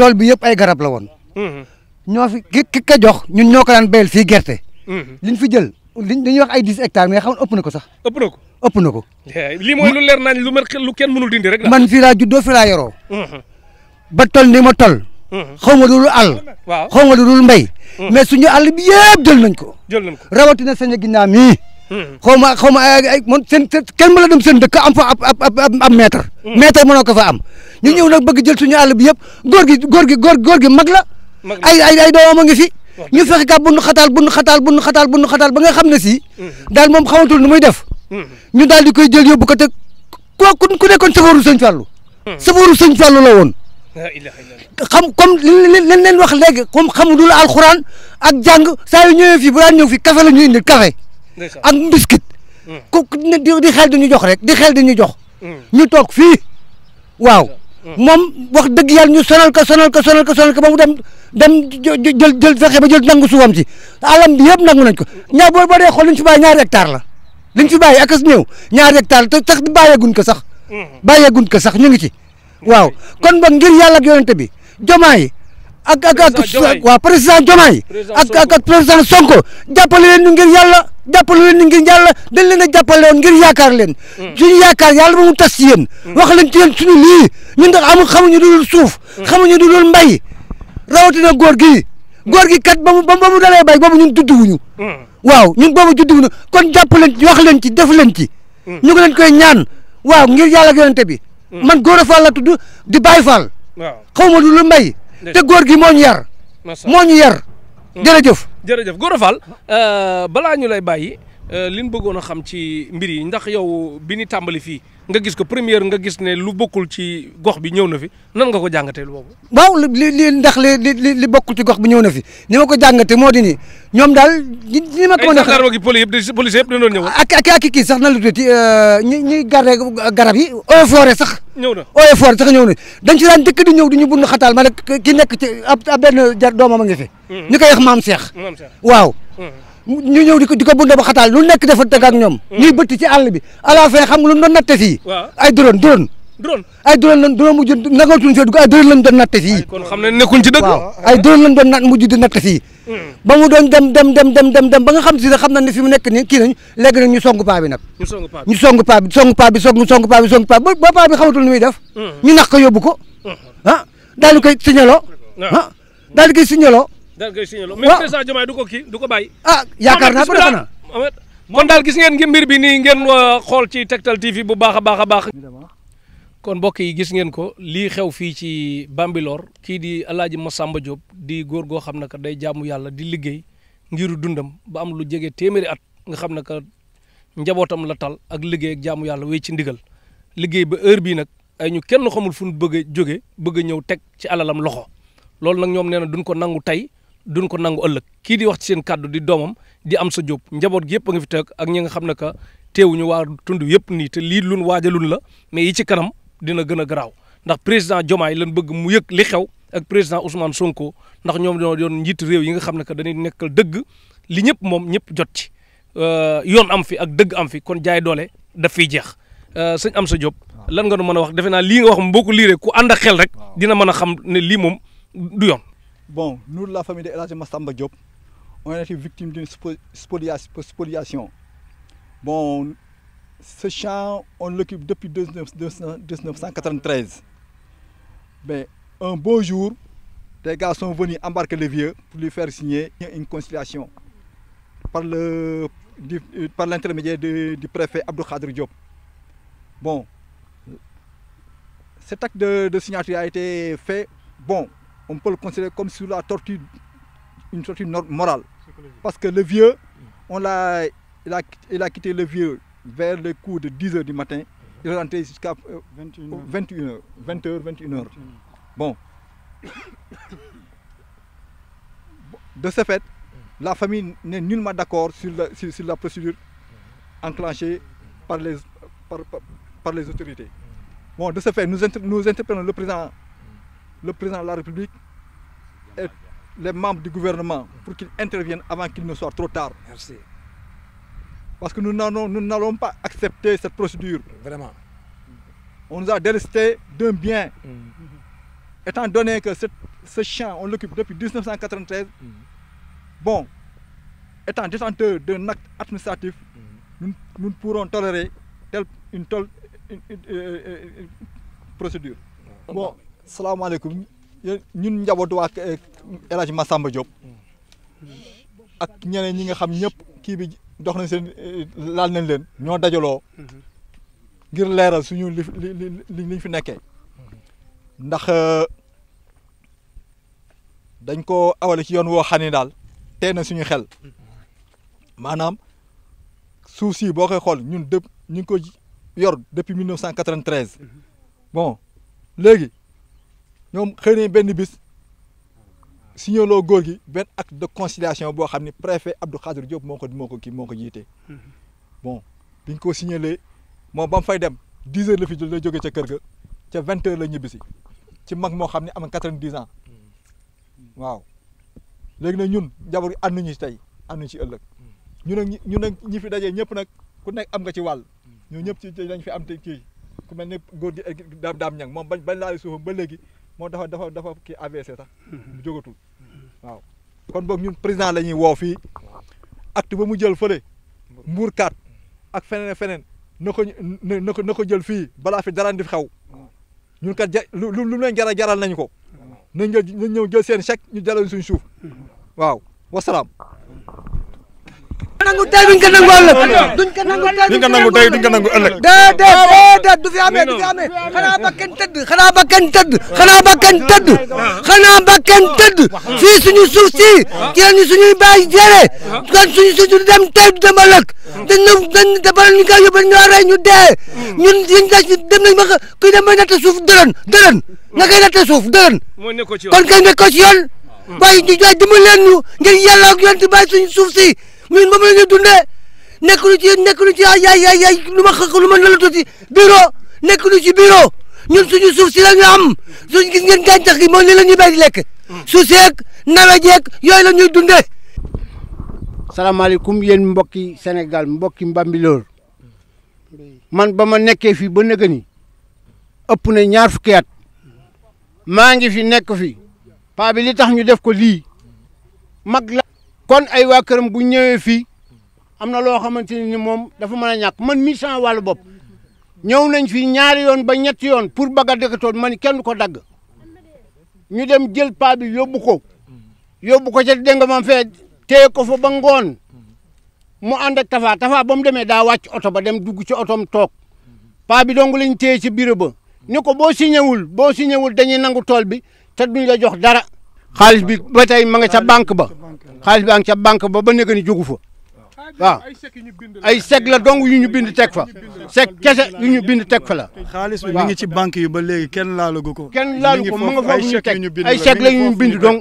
tool bi yëpp ay garab la woon. Mm-hmm. ñoo fi jox ñun ñoo ko daan béyal fii gerte. Mm-hmm. liñ fi jël liñ dañuy wax ay dix hectares mais xawoon ëpp na ko sax. ëpp na ko ëpp na ko. lii mooy lu leer nañ lu mel lu kenn mënul dindi rek. man fii laa juddoo fii laa yoroo. Mm-hmm. ba tol ni ma tol. Mm-hmm. xaw ma dul àll. waaw xaw ma dul mbéy. Mm-hmm. mais suñu àll bi yëpp jël nañ ko. jël nañ ko rawatina sañ ginnaaw mii. xaw ma xaw ma ay man seen kenn mën la dem seen dëkk am fa ab ab ab mètre. mètre mënoo ko fa am. ñu ñëw nag bëgg jël suñu àll bi yëpp góor gi góor gi góor góor gi mag la. ay ay ay doomam a ngi fi. ñu fexe ka bunu xataal bunu xataal bunu xataal bunu xataal ba nga xam ne si mm-hmm. daal moom xamatul nu muy def mm-hmm. ñu daal di koy jël yóbbu ko te kooku ku nekkoon safooru sëñ Fàllu mm-hmm. safooru sëñ Fàllu la woon xam comme li leen leen wax léegi comme xamudul alxuraan ak jàng saa yu ñëwee fii bu daan ñëw fii café la ñu indi café ak biscuit mm. ku di xel dañu jox rek di xel dañu jox mm. ñu toog fii waaw moom wax dëgg yàlla ñu sonal ko sonal ko sonal ko sonal ko ba mu dem dem jël jël fexe ba jël nangu suufam alam bi yëpp nangu nañ ko ñaa boo boo dee xool li ñu fi bàyyi la li ñu fi bàyyi akas néew ñaari hectare te sax bàyyeeguñ ko sax mm-hmm. ko sax ñu ngi waaw kon ba ngir yàlla ak yonente bi jomaay ak ak ak waaw président jomaay ak ak ak président Sonko jàppale leen ñu ngir yàlla jàppale leen ni ngir yàlla dañ leen a jàppale woon ngir yaakaar leen mm. suñu yaakaar yàlla ba mu tas ci yéen mm. wax leen ci yéen suñu lii ñun ndax amul xamuñu du dul suuf mm. xamuñu du dul mbay rawatina góor gi góor gi kat ba mu ba mu dalee bay boobu ñun judduwuñu waaw ñun boobu judduwuñu kon jàpp leen ci wax leen ci def leen ci ñu ngi leen koy ñaan waaw ngir yàlla ak yonente bi man góor a faal la tudd di bàyyi faal xaw ma du lu mbay te góor gi moo ñu yar moo ñu yar jërëjëf jërëjëf Gora Fall euh, balaa ñu lay bàyyi euh, li ñu bëggoon a xam ci mbir yi ndax yow bi ñu tàmbali fii nga gis ko première nga gis ne lu bokkul ci gox bi ñëw na fi nan nga ko jàngatee lu boobu. waaw li ndax li li li bokkul ci gox bi ñëw na fi ni ma ko jàngatee moo di ni ñoom daal. ni ma ko mën a xam ay poli yëpp police yëpp dañu doon sax na lu tuddati euh, ñi ñi garé garab yi eaux forêt sax. ñëw na eaux forêt sax ñëw na dañ ci daan dëkk di ñëw di ñu bund xataal ma ne ki nekk ci a benn jar doomam a ngi fi. Hmm. ñu koy wax maam Cheikh. waaw. Hmm. ñu ñëw di ko di bunda ba xataal lu nekk dafa dëgg ak ñoom mm. ñuy bëtt ci àll bi à la fin xam nga lu doon natte fii ay drone drone drone ay drone lan drone mujj nangatuñ fee dugg ay drone lañ doon doon nat mujj di mm. ba mu doon dem dem dem dem dem ba nga xam si ne xam na ne fi mu nekk ni kii nañ léegi nag ñu song paa bi nag ñu song paa bi ñu song paa bi song paa bi xamatul lu muy def mm. ñu nax ko yóbbu ko ah daal di koy signaloo ah, ah daal di koy signaloo daal koy signalé mais président Diomaye du ko kii du ko bàyyi. ah yaakaar naa ko defe naa kon daal gis ngeen ngi mbir bi nii ngeen euh, xool ci Tektal TV bu baax a baax a baax. kon mbokk yi gis ngeen ko lii xew fii ci Bambilor kii di El ma sàmba Diop di góor goo xam ne que day jaamu yàlla di liggéey ngiru dundam ba am lu jege téeméeri at nga xam ne que njabootam la tal ak liggéey ak jaamu yàlla wéy ci ndigal liggéey ba heure bii nag ay ñu kenn xamul fu ñu bëgg a jóge bëgg ñëw teg ci alalam loxo loolu nag ñoom nee na duñ ko nangu tey. duñ nangu ëllëg kii di wax ci seen kàddu di doomam di am sa jóob njaboot gi yëpp a nga fi teg ak ñi nga xam ne que teewuñu waa tundu yëpp nii te lii luñ waajalun la mais yi ci kanam dina gën a garaaw ndax président Diomaye lan bëgg mu yëg li xew ak président Ousmane Sonko ndax ñoom ñoo doon njiit réew yi nga xam ne que dañuy nekkal dëgg li ñëpp moom ñëpp jot ci euh, yoon am fi ak dëgg am fi kon jaay doole daf fiy jeex euh, sëñ am sa jóob lan nga nu mën a wax defe naa lii nga wax mbokku lii rek ku ànd ak xel rek dina mën a xam ne lii moom du yoon Bon, nous, la famille de Elage Massamba Diop, on a été victime d'une spoliation. Bon, ce champ, on l'occupe depuis 1993. Mais un beau jour, des gars sont venus embarquer le vieux pour lui faire signer une conciliation par le du, par l'intermédiaire du, du, préfet Abdou Khadr Diop. Bon, cet acte de, de signature a été fait, bon, on peut le considérer comme sur la torture, une torture morale. Parce que le vieux, l'a, il, a, il a quitté le vieux vers les coups de 10 h du matin. Il est rentré jusqu'à 21 euh, h Bon. De ce fait, la famille n'est nullement d'accord sur, sur, sur, la procédure enclenchée par les, par, par, par les autorités. Bon, de ce fait, nous, nous interpellons le président le président de la République les membres du gouvernement pour qu'ils avant qu'il ne soit trop tard. Parce que nous n'allons pas accepter cette procédure. Vraiment. On nous a délesté d'un bien. Mmh. Étant que ce, ce champ, on depuis 1993, mmh. bon, étant détenteur d'un acte administratif, mmh. nous, nous, ne pourrons tolérer telle une, euh, salaamaaleykum ñun njabootu waa eh, El Hadj Massamba ak ñeneen ñi nga xam ñëpp kii bi dox nañ seen eh, laal nañ leen ñoo dajaloo ngir leeral suñu li li liñ fi nekkee ndax eh, dañ ko awale ci yoon woo xam ne daal tee na suñu xel maanaam suuf si boo koy xool ñun dëpp ñu ngi ko yor depuis 1993 bon léegi ñoom xëy nañ benn bis signaloo góor gi benn ak de conciliation boo xam ne préfet Abdou Khadir Diop moo ko moo ko kii moo ko jiite. Mm-hmm. bon bi ñu ko signalee moom ba mu fay dem dix heures la fi la jógee ca kër ga ca vingt heures la ñibbisi ci mag moo xam ne am na quatre-vingt-dix ans mm-hmm. waaw léegi nag ñun njaboot gi ànd ñu ci tey ànd ñu ci ëllëg mm-hmm. ñu nag ñu nag ñi fi dajee ñëpp nag ku nekk am nga ci wàll ñoo ñëpp ci dañ fi am te kii ku mel ni góor gi daam daam ñang moom bañ bañ laal suufam ba léegi. moo dafa dafa dafa kii AVC sax hmm. mu jógatul waaw kon boog ñun président la ñuy woo fii acte ba mu jël fële mbuur kaat ak feneen feneen na ko na na ko jël fii bala fi dara di xew ñun kat ja lu lu leen jaral jaral nañu ko hmm. nañ jël nañ ñëw jël seen chèque ñu jëloon suñ suuf hmm. waaw wasalaam nangu tey duñ ko nangu ëllëg duñ ko nangu tey duñ ko nangu tey duñ ko nangu ëllëg déedéet déedéet du fi amee du fi amee xanaa ba kenn tëdd xanaa ba kenn tëdd xanaa ba kenn tëdd xanaa ba kenn tëdd fii suñu suuf si jël ñu suñuy bàyyi jere kon suñu suuf du dem tey du dem ëllëg dañ na dañ defal ñu koy yóbbu ñoo rey ñu dee ñun liñ des dem nañ ba kuy dem ba natt suuf dërën dërën nga koy natt suuf dërën kon kay nekkoo ci yoon mm. waaye ñu jox dimbali leen ñu ngir yàlla ak yoon di bàyyi suñu suuf si ñun moom la ñuy dundee nekk lu ci nekk lu ci ay ay ay ay lu ma xëq lu ma lële tuuti bureau nekk lu ci bureau ñun suñu suuf si la ñu am suñ gis ngeen gàncax gi mooy li la ñuy béy di lekk. suuf seeg nawet yeeg yooyu la ñuy dundee. salaamaaleykum yéen mbokki Sénégal mbokki Mbambilor man ba ma nekkee fii ba nëgë ni ëpp na ñaar fukki at maa ngi fi nekk fi paa bi tax ñu def ko lii mag la kon ay waa këram bu ñëwee fii am na loo xamante ni moom dafa mën a ñàkk man mii sama wàllu bopp ñëw nañ fii ñaari yoon ba ñetti yoon pour bëgg a dëkkatoon man kenn ko dagg ñu dem jël paa bi yóbbu ko yóbbu ko ca dénga ma fee téye ko fa ba ngoon mu ànd ak tafa tafa ba mu demee daa wàcc oto ba dem dugg ci otom toog paa bi dong lañ téye ci bureau ba ni ko boo signéwul boo signéwul dañuy nangu tool bi te duñ la jox dara xaalis bi ba tey ma nga ca banque ba xaalis baa nga ca banque ba ba nekk ni jógu fa waaw ay chèque la dong yu ñu bind teg fa chèque kese yu ñu bind teg fa la. xaalis bi mi ngi ci banque yi ba léegi kenn laalugu ko. kenn laalu ko mu nga foofu ñu teg ay chèque la ñu bind dong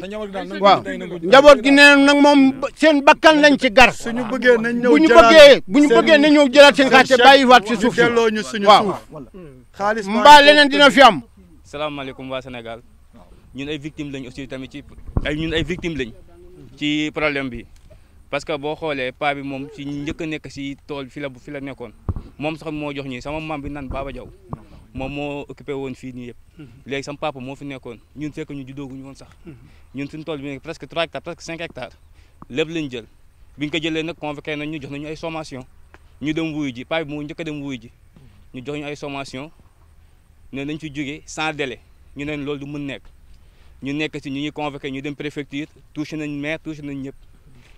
waaw njaboot gi nee nag moom seen bakkan lañ ci gar. bu ñu bëggee nañ ñëw jëlaat bu ñu bëggee nañ ñëw jëlaat seen xaalis bàyyi waat si suuf si waaw mbaa leneen dina fi am. salaamaaleykum waa Sénégal. ñun ay victime lañ aussi tamit ci ñun ay victime lañ ci problème bi parce que boo xoolee paa bi moom si njëkk nekk si tool fi la fi la nekkoon moom sax moo jox ñi sama maam bi naan Baba jaw moom moo occupé woon fii nii yëpp léegi sam papa moo fi nekkoon ñun fekk ñu juddooguñu woon sax ñun suñ tool bi nekk presque 3 hectares presque 5 hectares lépp lañ jël bi biñ ko jëlee nag convoqué nañ ñu jox nañu ay sommation ñu dem wuyu ji paa bi moo njëkk a dem wuyu ji ñu jox ñu ay sommation ne nañ fi jógee sans ñu ne loolu du mën nekk ñu nekk si ñu ngi convoqué ñu dem préfecture touché nañ maire touché nañ ñëpp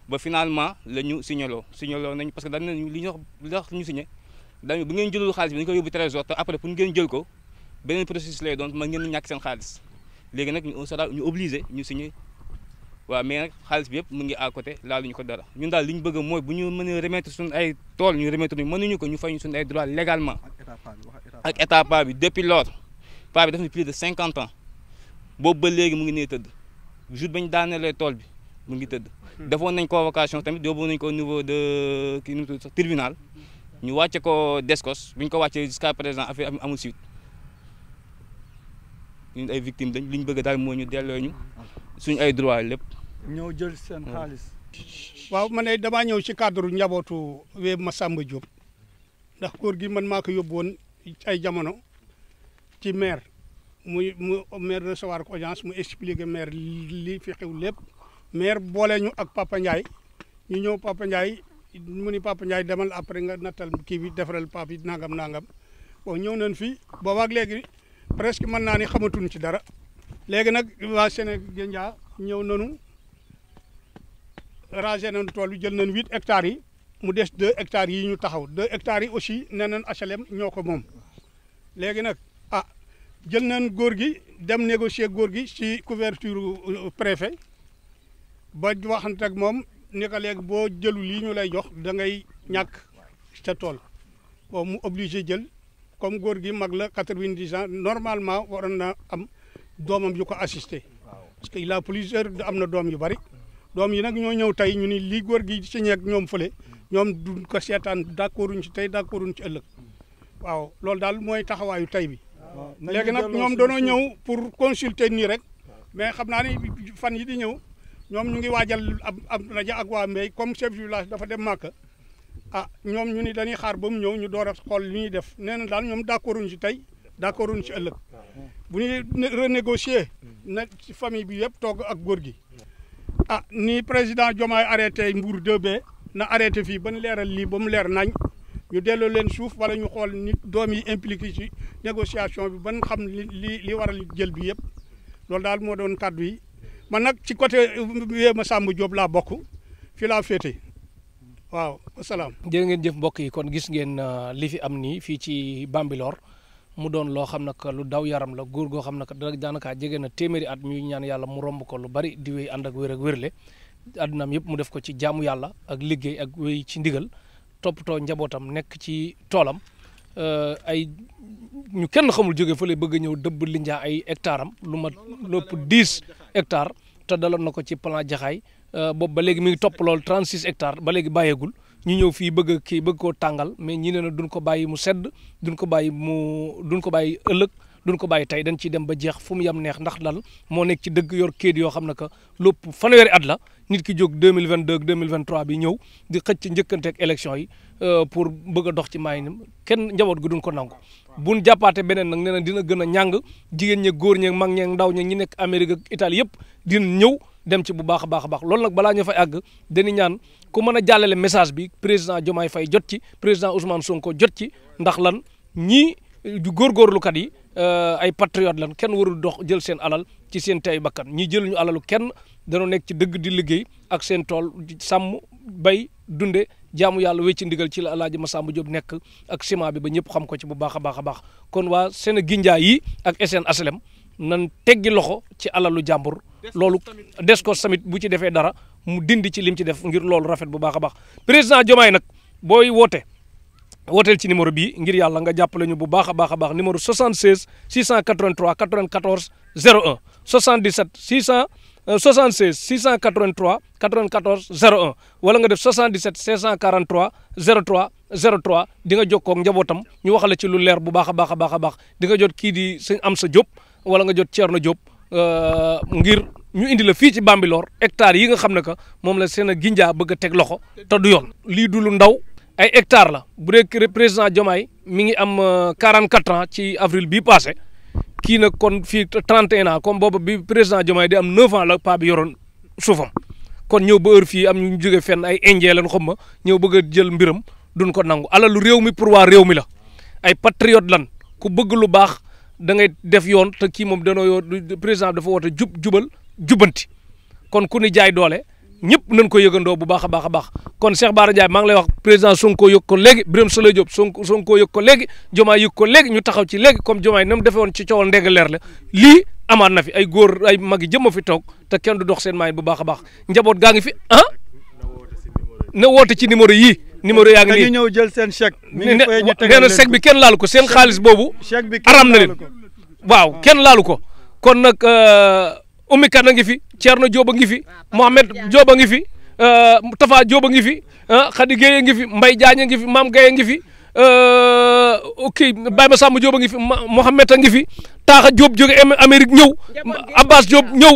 ba finalement la ñu signaloo signaloo nañ parce que dañ nañ li ñu wax ñu signé dañu bu ngeen jëlul xaalis bi dañu ko yóbbu trésor te après pour ngeen jël ko beneen processus lay doon ma ngeen ñàkk seen xaalis léegi nag ñu sera ñu obligé ñu signé waaw mais nag xaalis bi yëpp mu ngi à côté laaluñu ko dara ñun daal li ñu bëgg mooy bu ñu mën a remettre suñu ay tool ñu remettre mënuñu ko ñu fay suñu ay droit légalement ak état pa bi depuis lors de cinquante ans boobu ba léegi mu ngi nee tëdd jour bañ daanelee tool bi mu ngi tëdd defoon nañ ko convocation tamit yóbbu nañ ko au niveau de kii nu mu sax tribunal ñu wàcce ko Descos bi ñu ko wàccee jusqu'à présent affaire amul suite ay victimes dañ li ñu bëgg daal moo ñu delloo ñu suñu ay droit lépp. ñëw jël seen xaalis. waaw man de damaa ñëw ci cadre njabootu Web Massamba Diop ndax góor gi man maa ko yóbbu woon ay jamono ci maire. muy mu maire recevoir ko audience mu expliquer maire li fi xew lépp maire boolee ñu ak Papa ñu ñëw Papa Ndiaye mu ni demal après nga nattal kii bi defaral pap yi nangam nangam bon ñëw nañ fi boobaag léegi presque mën naa ni xamatuñ si dara léegi nag waa Sénégal ñëw nañu raser nañu tool bi jël nañ huit hectares yi mu des deux hectares yi ñu taxaw deux hectares yi aussi nee nañ HLM ñoo ko moom léegi nag jël nañ góor gi dem négocier góor gi ci couverture préfet ba waxante ak moom ni ko léegi boo jëlu lii ñu lay jox dangay ngay ñàkk sa tool bon mu obligé jël comme góor gi mag la quatre-vingt-dix ans normalement waroon na am doomam yu ko assister parce que il a plusieurs am na doom yu bari doom yi nag ñoo ñëw tey ñu ni lii góor gi ci ñoom fële ñoom duñ ko seetaan d'accorduñ ci tey d'accorduñ ci ëllëg waaw loolu daal mooy taxawaayu tey bi léegi nag ñoom danoo ñëw pour consulter nii rek mais xam naa ni fan yi di ñëw ñoom ñu ngi waajal ab ab rajo ak waa mbéy comme chef du village dafa dem Màkka ah ñoom ñu ni dañuy xaar ba mu ñëw ñu door xool li ñuy def nee na daal ñoom d'accorduñ ci tey d'accorduñ si ëllëg bu ñuy renégocier na ci famille bi yëpp toog ak góor gi ah ni président Diomaye arrêté Mbour 2 na arrêté fii ba ñu leeral lii ba mu leer naañ ñu delloo leen suuf wala ñu xool nit doom yi impliqué ci négociation bi ban xam li li li waral jël bi yépp loolu daal moo doon kàddu yi man nag ci côté euh, ma Samba joob laa bokk fii laa féete waaw asalaam. jërë ngeen jëf mbokk yi kon gis ngeen euh, li fi am nii fii ci Bambilor mu doon loo xam nag lu daw yaram la góor goo xam nag daanaka jege na téeméeri at ñu ñaan yàlla mu romb ko lu bari di wéy ànd ak wér ak wérle àddunaam yëpp mu def ko ci jaamu yàlla ak liggéey ak wéy ci ndigal. toppatoo njabootam nekk ci toolam euh, ay ñu kenn xamul jóge fële bëgg a ñëw dëbb linjaa ay hectare am lu ma lépp dix hectares te daloon na ko ci plan jaxaay euh, boob ba léegi mi ngi topp lool trente six hectares ba léegi bàyyeegul ñu ñëw fii bëgg kii bëgg koo tàngal mais ñi ne na duñ ko bàyyi mu sedd duñ ko bàyyi mu duñ ko bàyyi ëllëg duñ ko bàyyi tey dañ ciy dem ba jeex fu mu yam neex ndax dal moo nekk ci dëgg yor kéet yoo xam ne que lépp fanweeri at la nit ki jóg deux mille vingt deux deux mille vingt trois bi ñëw di xëcc njëkkanteeg élection yi euh, pour bëgg dox ci maay kenn njaboot gi duñ ko nangu. buñ jàppaate beneen nag nee dina gën a ñàng jigéen ñeeg góor ñeeg mag ñeeg ndaw ñeeg ñi nekk Amérique ak Italie yëpp dina ñëw dem ci bu baax baax a baax lool nag balaa ñu fay àgg dañu ñaan ku mën a jàllale message bi président jomaay fay jot ci président Ousmane Sonko jot ci ndax lan ñii góor góor góorgóorlukat yi euh, ay patriote lan kenn warul dox jël seen alal ci seen tey bakkan ñi jël ñu alalu kenn danoo nekk ci dëgg di liggéey ak seen tool sàmm bay dunde jaamu yàlla wecci ndigal ci la alaaji Massamba Diop nekk ak ciment bi ba ñëpp xam ko ci bu baax a baax a baax kon waa seen Senegindia yi ak SN HLM nan teggi loxo ci alalu jàmbur loolu des ko tamit bu ci defee dara mu dindi ci lim ci def ngir loolu rafet bu baax a baax président Diomaye nag booy woote wooteel ci numéro bii ngir yàlla nga jàppale ñu bu baax a baax a baax numéro 76 683 94 01 77 600 76 683 94 01 wala nga def 77 543 03 03 di nga jokkoo ak njabootam ñu wax la ci lu leer bu baax a baax a baax a baax di nga jot kii di sëñ Amsa Diop wala nga jot Thierno Diop euh, ngir ñu indi la fii ci Bambilor hectares yi nga xam ne que moom la seen a ginjaa bëgg a teg loxo te du yoon. lii du lu ndaw ay hectares la bu dee président Diomaye mi ngi am 44 euh, ans ci avril bii passé. kii nag kon fii 31 ans comme boobu bi président Diomaye di am 9 ans la paa bi yoroon suufam kon ñëw ba heure fii am ñu jóge fenn ay indien lañ xam ma ñëw bëgg a jël mbiram duñ ko nangu lu réew mi pour waa réew mi la ay patriote lan ku bëgg lu baax da ngay def yoon te kii moom danoo yoo président dafa woote jub jubal jubanti kon ku ni jaay doole. ñëpp nañ ko yëgandoo bu baax a baax a baax kon Cheikh Bara Ndiaye maa ngi wax président Sonko yëg ko léegi Birame Souleye Diop Sonko Sonko yëg ko léegi Diomaye yëg ko léegi ñu taxaw ci léegi comme Diomaye na mu defee woon ci coowal ndeg leer la lii amaat na fi ay góor ay mag yi jëmm fi toog te kenn du dox seen maay bu baax a baax njaboot gaa ngi fi ah. na woote ci numéro yi numéro yaa ngi nii ñëw jël seen chèque. nee na chèque bi kenn laalu ko seen xaalis boobu. chèque bi kenn laalu aram na leen waaw kenn laalu ko kon nag euh, Oumy Kane a ngi fi Thierno Diop a ngi fi Mohamed Diop a ngi fi euh, Tafa Diop a ngi fi ah, Khady Gueye a ngi fi Mbaye Diagne a ngi fi Mame Gueye a ngi fi euh, kii Baye Massamba Diop a ngi fi Mohamed a ngi fi Taaxa Diop jóge Amérique ñëw Abbas Diop ñëw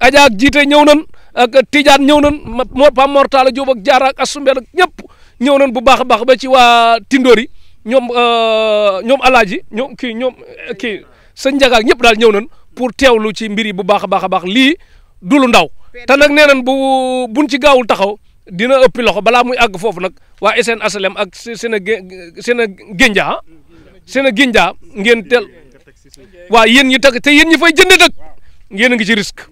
Adja ak jiite ñëw nan ak Tidiane ñëw nan Mor Pam Mor Talla Diop ak Diarra ak Assoumbel ak ñëpp ñëw nan bu baax a baax ba ci waa Tindóor yi ñoom euh, ñoom Alaaji ñoom kii ñoom kii sëñ Ndiaga ak ñëpp daal ñëw nan pour teewlu ci mbir yi bu baax a baax a baax lii dulu ndaw te nag nee nañ bu buñ ci gaawul taxaw dina ëppi loxo balaa muy àgg foofu nag waa eseen HLM ak seen a seen a seen a Gindia ngeen teel waa yéen ñu teg te yéen ñi fay jënd nag yéen a ngi ci risque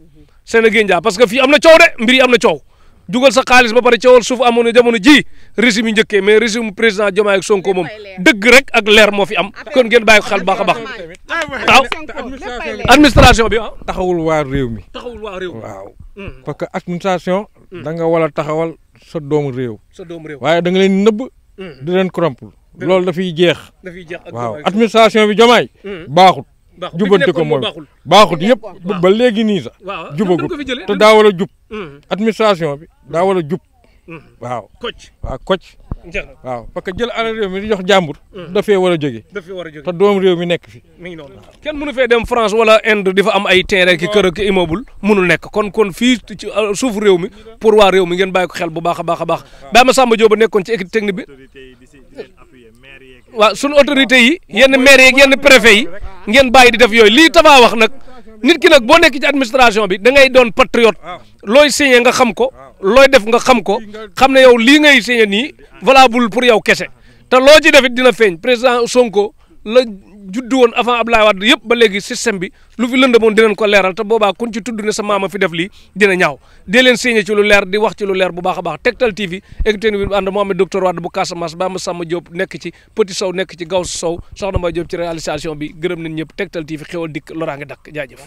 seen a parce que fii am na coow de mbir yi am na coow. jugal sa xaalis ba pare coowal suuf amoon na jamono ji régime yi njëkkee mais régime président Diomaye ak Sonko moom dëgg rek ak leer moo fi am kon ngeen bàyyi ko xel baax a baax waaw administration bi taxawul waa réew mi taxawul waa réew waaw hmm. parce que administration hmm. da nga war a taxawal sa doomu réew sa doomu réew waaye danga leen nëbb hmm. di leen corrompre loolu dafay jeex waaw administration bi Diomaye baaxut jubbanti ko mooy baaxul yëpp ba léegi nii sax jubagut te daa war a jub mmh. administration bi daa war a jub mmh. waaw koc waaw koc waaw parce que jël alal réew mi di jox jàmbur mmh. dafee war a jóge te doom réew mi nekk fi kenn mënu fee dem France wala Inde di am ay terrain ki kër ak immeuble mënul nekk kon kon fii ci euh, suuf réew mi pour waa réew mi ngeen bàyyi ko xel bu baax a baax a baax Baye Massamba Diop ba nekkoon ci équipe technique bi waaw suñu autorité yi yenn maires yeeg yenn préfet yi ngeen bàyyi di def yooyu lii Tapha wax nag nit ki nag boo nekk ci administration bi dangay doon patriote looy signé nga xam ko looy def nga xam ko xam ne yow lii ngay signé nii valable pour yow kese te loo ci def it dina feeñ président Sonko la juddu woon avant Abdoulaye Wade yëpp ba legi système bi lu fi lëndëmoon dinañ ko leeral te boobaa kuñ ci tudd ne sa maama fi def lii dina ñaaw dee leen signé ci lu leer di wax ci lu leer bu baax a baax Tektal TV écouté bi ànd Mohamed docteur Wade bu Casamance ba ma Samba Diop nekk ci Petit Sow nekk ci Gaw Sow soxna Mbaye Diop ci réalisation bi gërëm nañ ñëpp Tektal TV xéwal dikk loraange dakk jaajëf